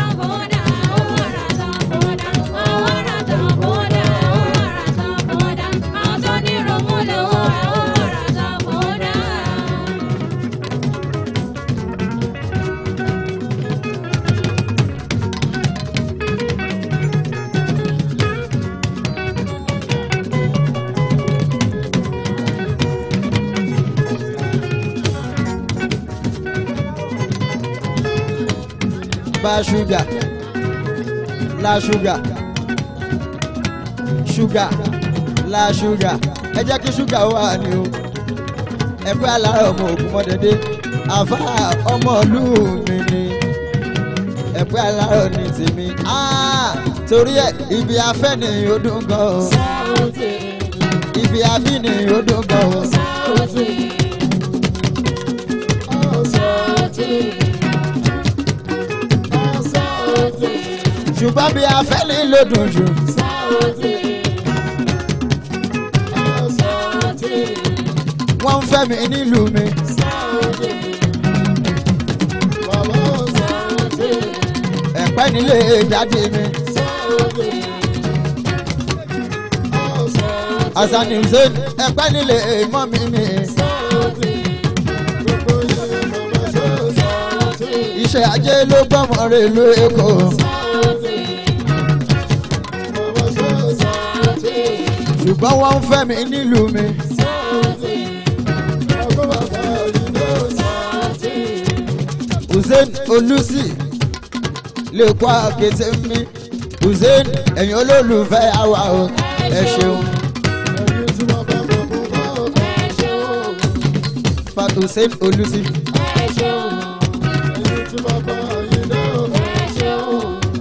baba sugar la sugar sugar la sugar ẹ jẹ́ kí sugar wà ní o ẹ pé alára ọmọ ògùn mọ́dẹ́dẹ́ àfa ọmọ ìlú mi ni ẹ pé alára ní tèmi ah, torí ẹ ibi afẹ́ ni ó dùn gan o ibi afẹ́ ni ó dùn gan o. ṣùgbọ́n bí afẹ́lẹ́ ló dùn jù. wọ́n ń fẹ́ mi nílùú mi. ẹ̀pẹ́ nílé jáde mi. Asani Hussein ẹ̀pẹ́ nílé mọ́mí mi. iṣẹ́ ajé ló gbọ́mọ rẹ̀ lóko. ṣùgbọ́n wọ́n ń fẹ́ mi nílùú mi. Hussein Olùsì lè kó àkété mi Hussein ẹ̀yin olólùfẹ́ àwa o ẹ ṣeun. Fat Hussein Olùsì.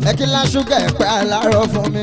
ẹ kí lá ṣúgà ẹ pẹ́ àlárọ̀ fún mi.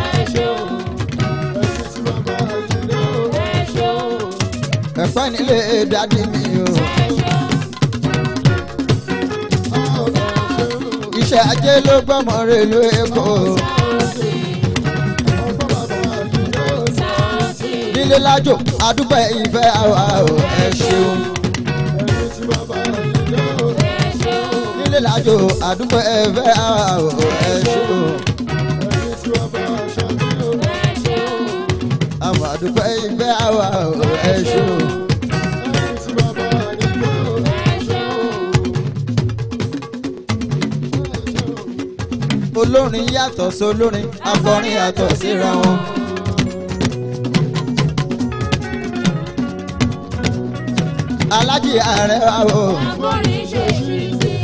ọpẹ́ nílé dádì mi o. iṣẹ́ ajé ló gbọ́mọ rẹ̀ ló èkó. nílé lájò àdúgbò ìfẹ́ àwa o ẹ ṣeun. nílé lájò àdúgbò ìfẹ́ àwa o ẹ ṣeun. àwọn àdúgbò ìfẹ́ àwa o ẹ ṣeun. olórin yàtọ̀ sólórin akọrin yàtọ̀ síra wọn. alájì ààrẹ wa o. akọrin ṣe ṣì sí.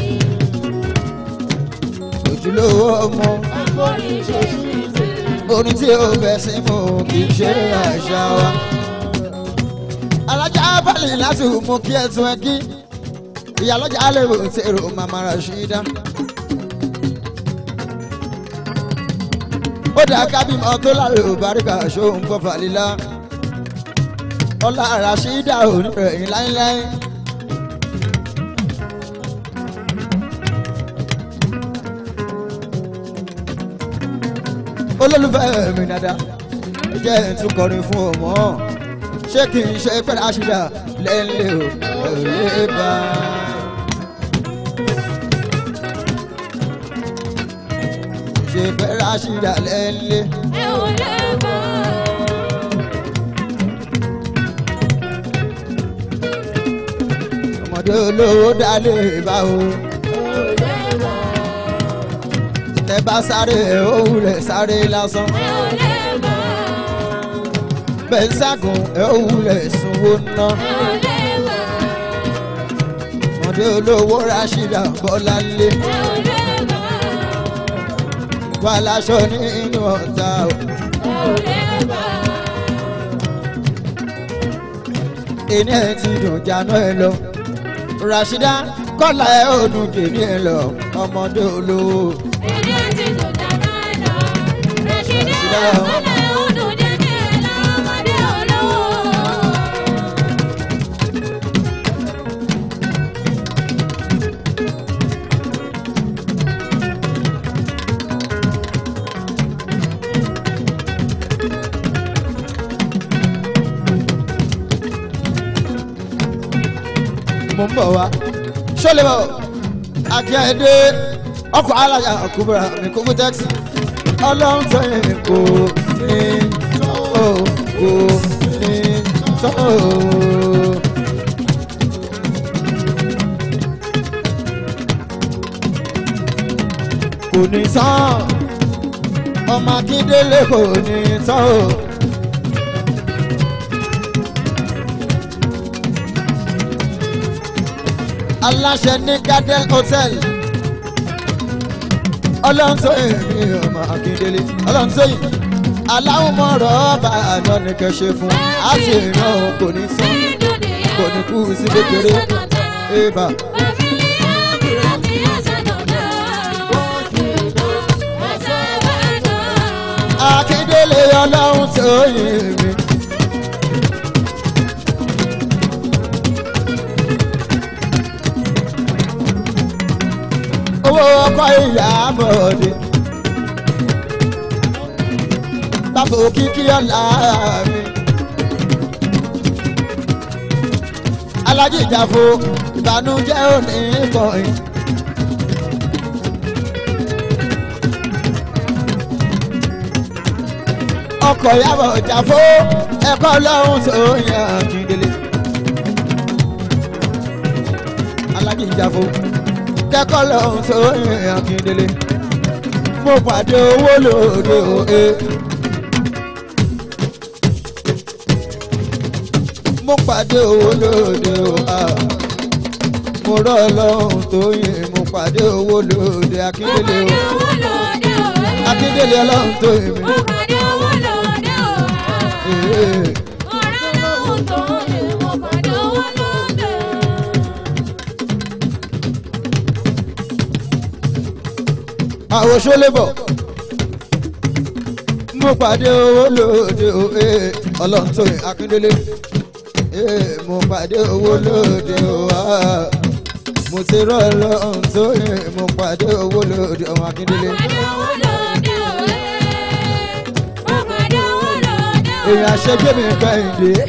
ojúlówó mu. akọrin ṣe ṣì sí. orin tí o bẹ̀ sí mu kì í ṣe àṣà wa. alájà abali láti mú kí ẹ tún ẹ kí ìyálọ́jà alẹ́ wò ń tẹ̀rọ màmá Rasheeda. ó dá kábímọ tó láre ò báríkà ṣóun fọfà lílá ọlá ara ṣí dá oníròyìn láíláí. olólùfẹ́ mi dada jẹ́ tún fún ọmọ ṣé kì í ṣe pẹ́lá ṣídà lẹ́ńlẹ́ ò lè bá a. ṣe pẹ́ ráṣídà lẹ́lẹ́. ẹ ò lẹ́kọ̀ọ́. ọmọdé olówó dálé ìbá o. tẹ bá sáré òun rẹ̀ sáré lásán. bẹ́ẹ̀ ságun òun rẹ̀ sunwó ná. ọmọdé olówó falasọ nínú ọ̀tá o. Ẹni ẹ ti dùn jáná ẹ lọ. Rashida kọ́lá ẹ ò dùn jèmi ẹ lọ ọmọdé olówó. Ẹni ẹ ti dùn jáná ẹ lọ. Rashida kọ́lá. ń bọ̀ wá ṣọlẹ̀ bọ̀ àkíyà èdè ọkọ̀ alájà kúbúra mi kúkú tẹ́kisì ọlọ́run tó yẹn kò ní tó kò ní tó. kò ní tán ọmọ akíndélé kò ní tán o. aláṣẹ ní garden hotel ọlọ́nzóyè mi ọmọ akíndélé ọlọ́nzóyè aláwòmọ̀rọ̀ ọba àná ni kẹ́ ṣe fún a sì ràn ó kò ní sán kò ní kú sí kékeré ébà. akíndélé ọlọ́nzóyè mi. bó kọ ìyá bòde. Bàbá òkìkí ọ̀la mi. Alájí ìjàfo ìbànújẹ́ òní bọ̀yìn. ọkọ̀ yàbọ̀ ìjàfó ẹ̀kọ́ lọ́hùn tó yàn jíndélé. Alájí ìjàfo kẹ́kọ̀ọ́ lọ́hùn sóyè akíndélé mo pàdé owó lóde òye. mo pàdé owó lóde òye mo rọ̀ lọ́hùn sóyè mo pàdé owó lóde akíndélé o akíndélé ọlọ́hùn sóyè mi. mo pàdé owó lóde òye. àwòṣó labour mo pàdé owó lóde o ọlọ́ntóyè akíndélé mo pàdé owó lóde eh, o mo ti rọ ọlọ́ntóyè mo pàdé owó lóde o akíndélé. èèyàn eh. àṣẹjọ́ mi ká ìdè. Eh.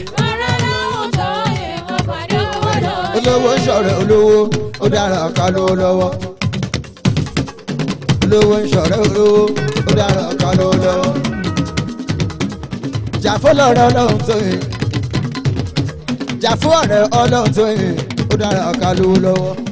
olówó ń sọ̀rọ̀ olówó ó dára ká lówó lọ́wọ́ olówó ń ṣọ̀rẹ́ olówó ó dára ọ̀kan ló lọ́wọ́. jàfó lọ́rẹ́ ọlọ́run tó yìn jàfó ọ̀rẹ́ ọlọ́run tó yìn ó dára ọ̀kan ló lọ́wọ́.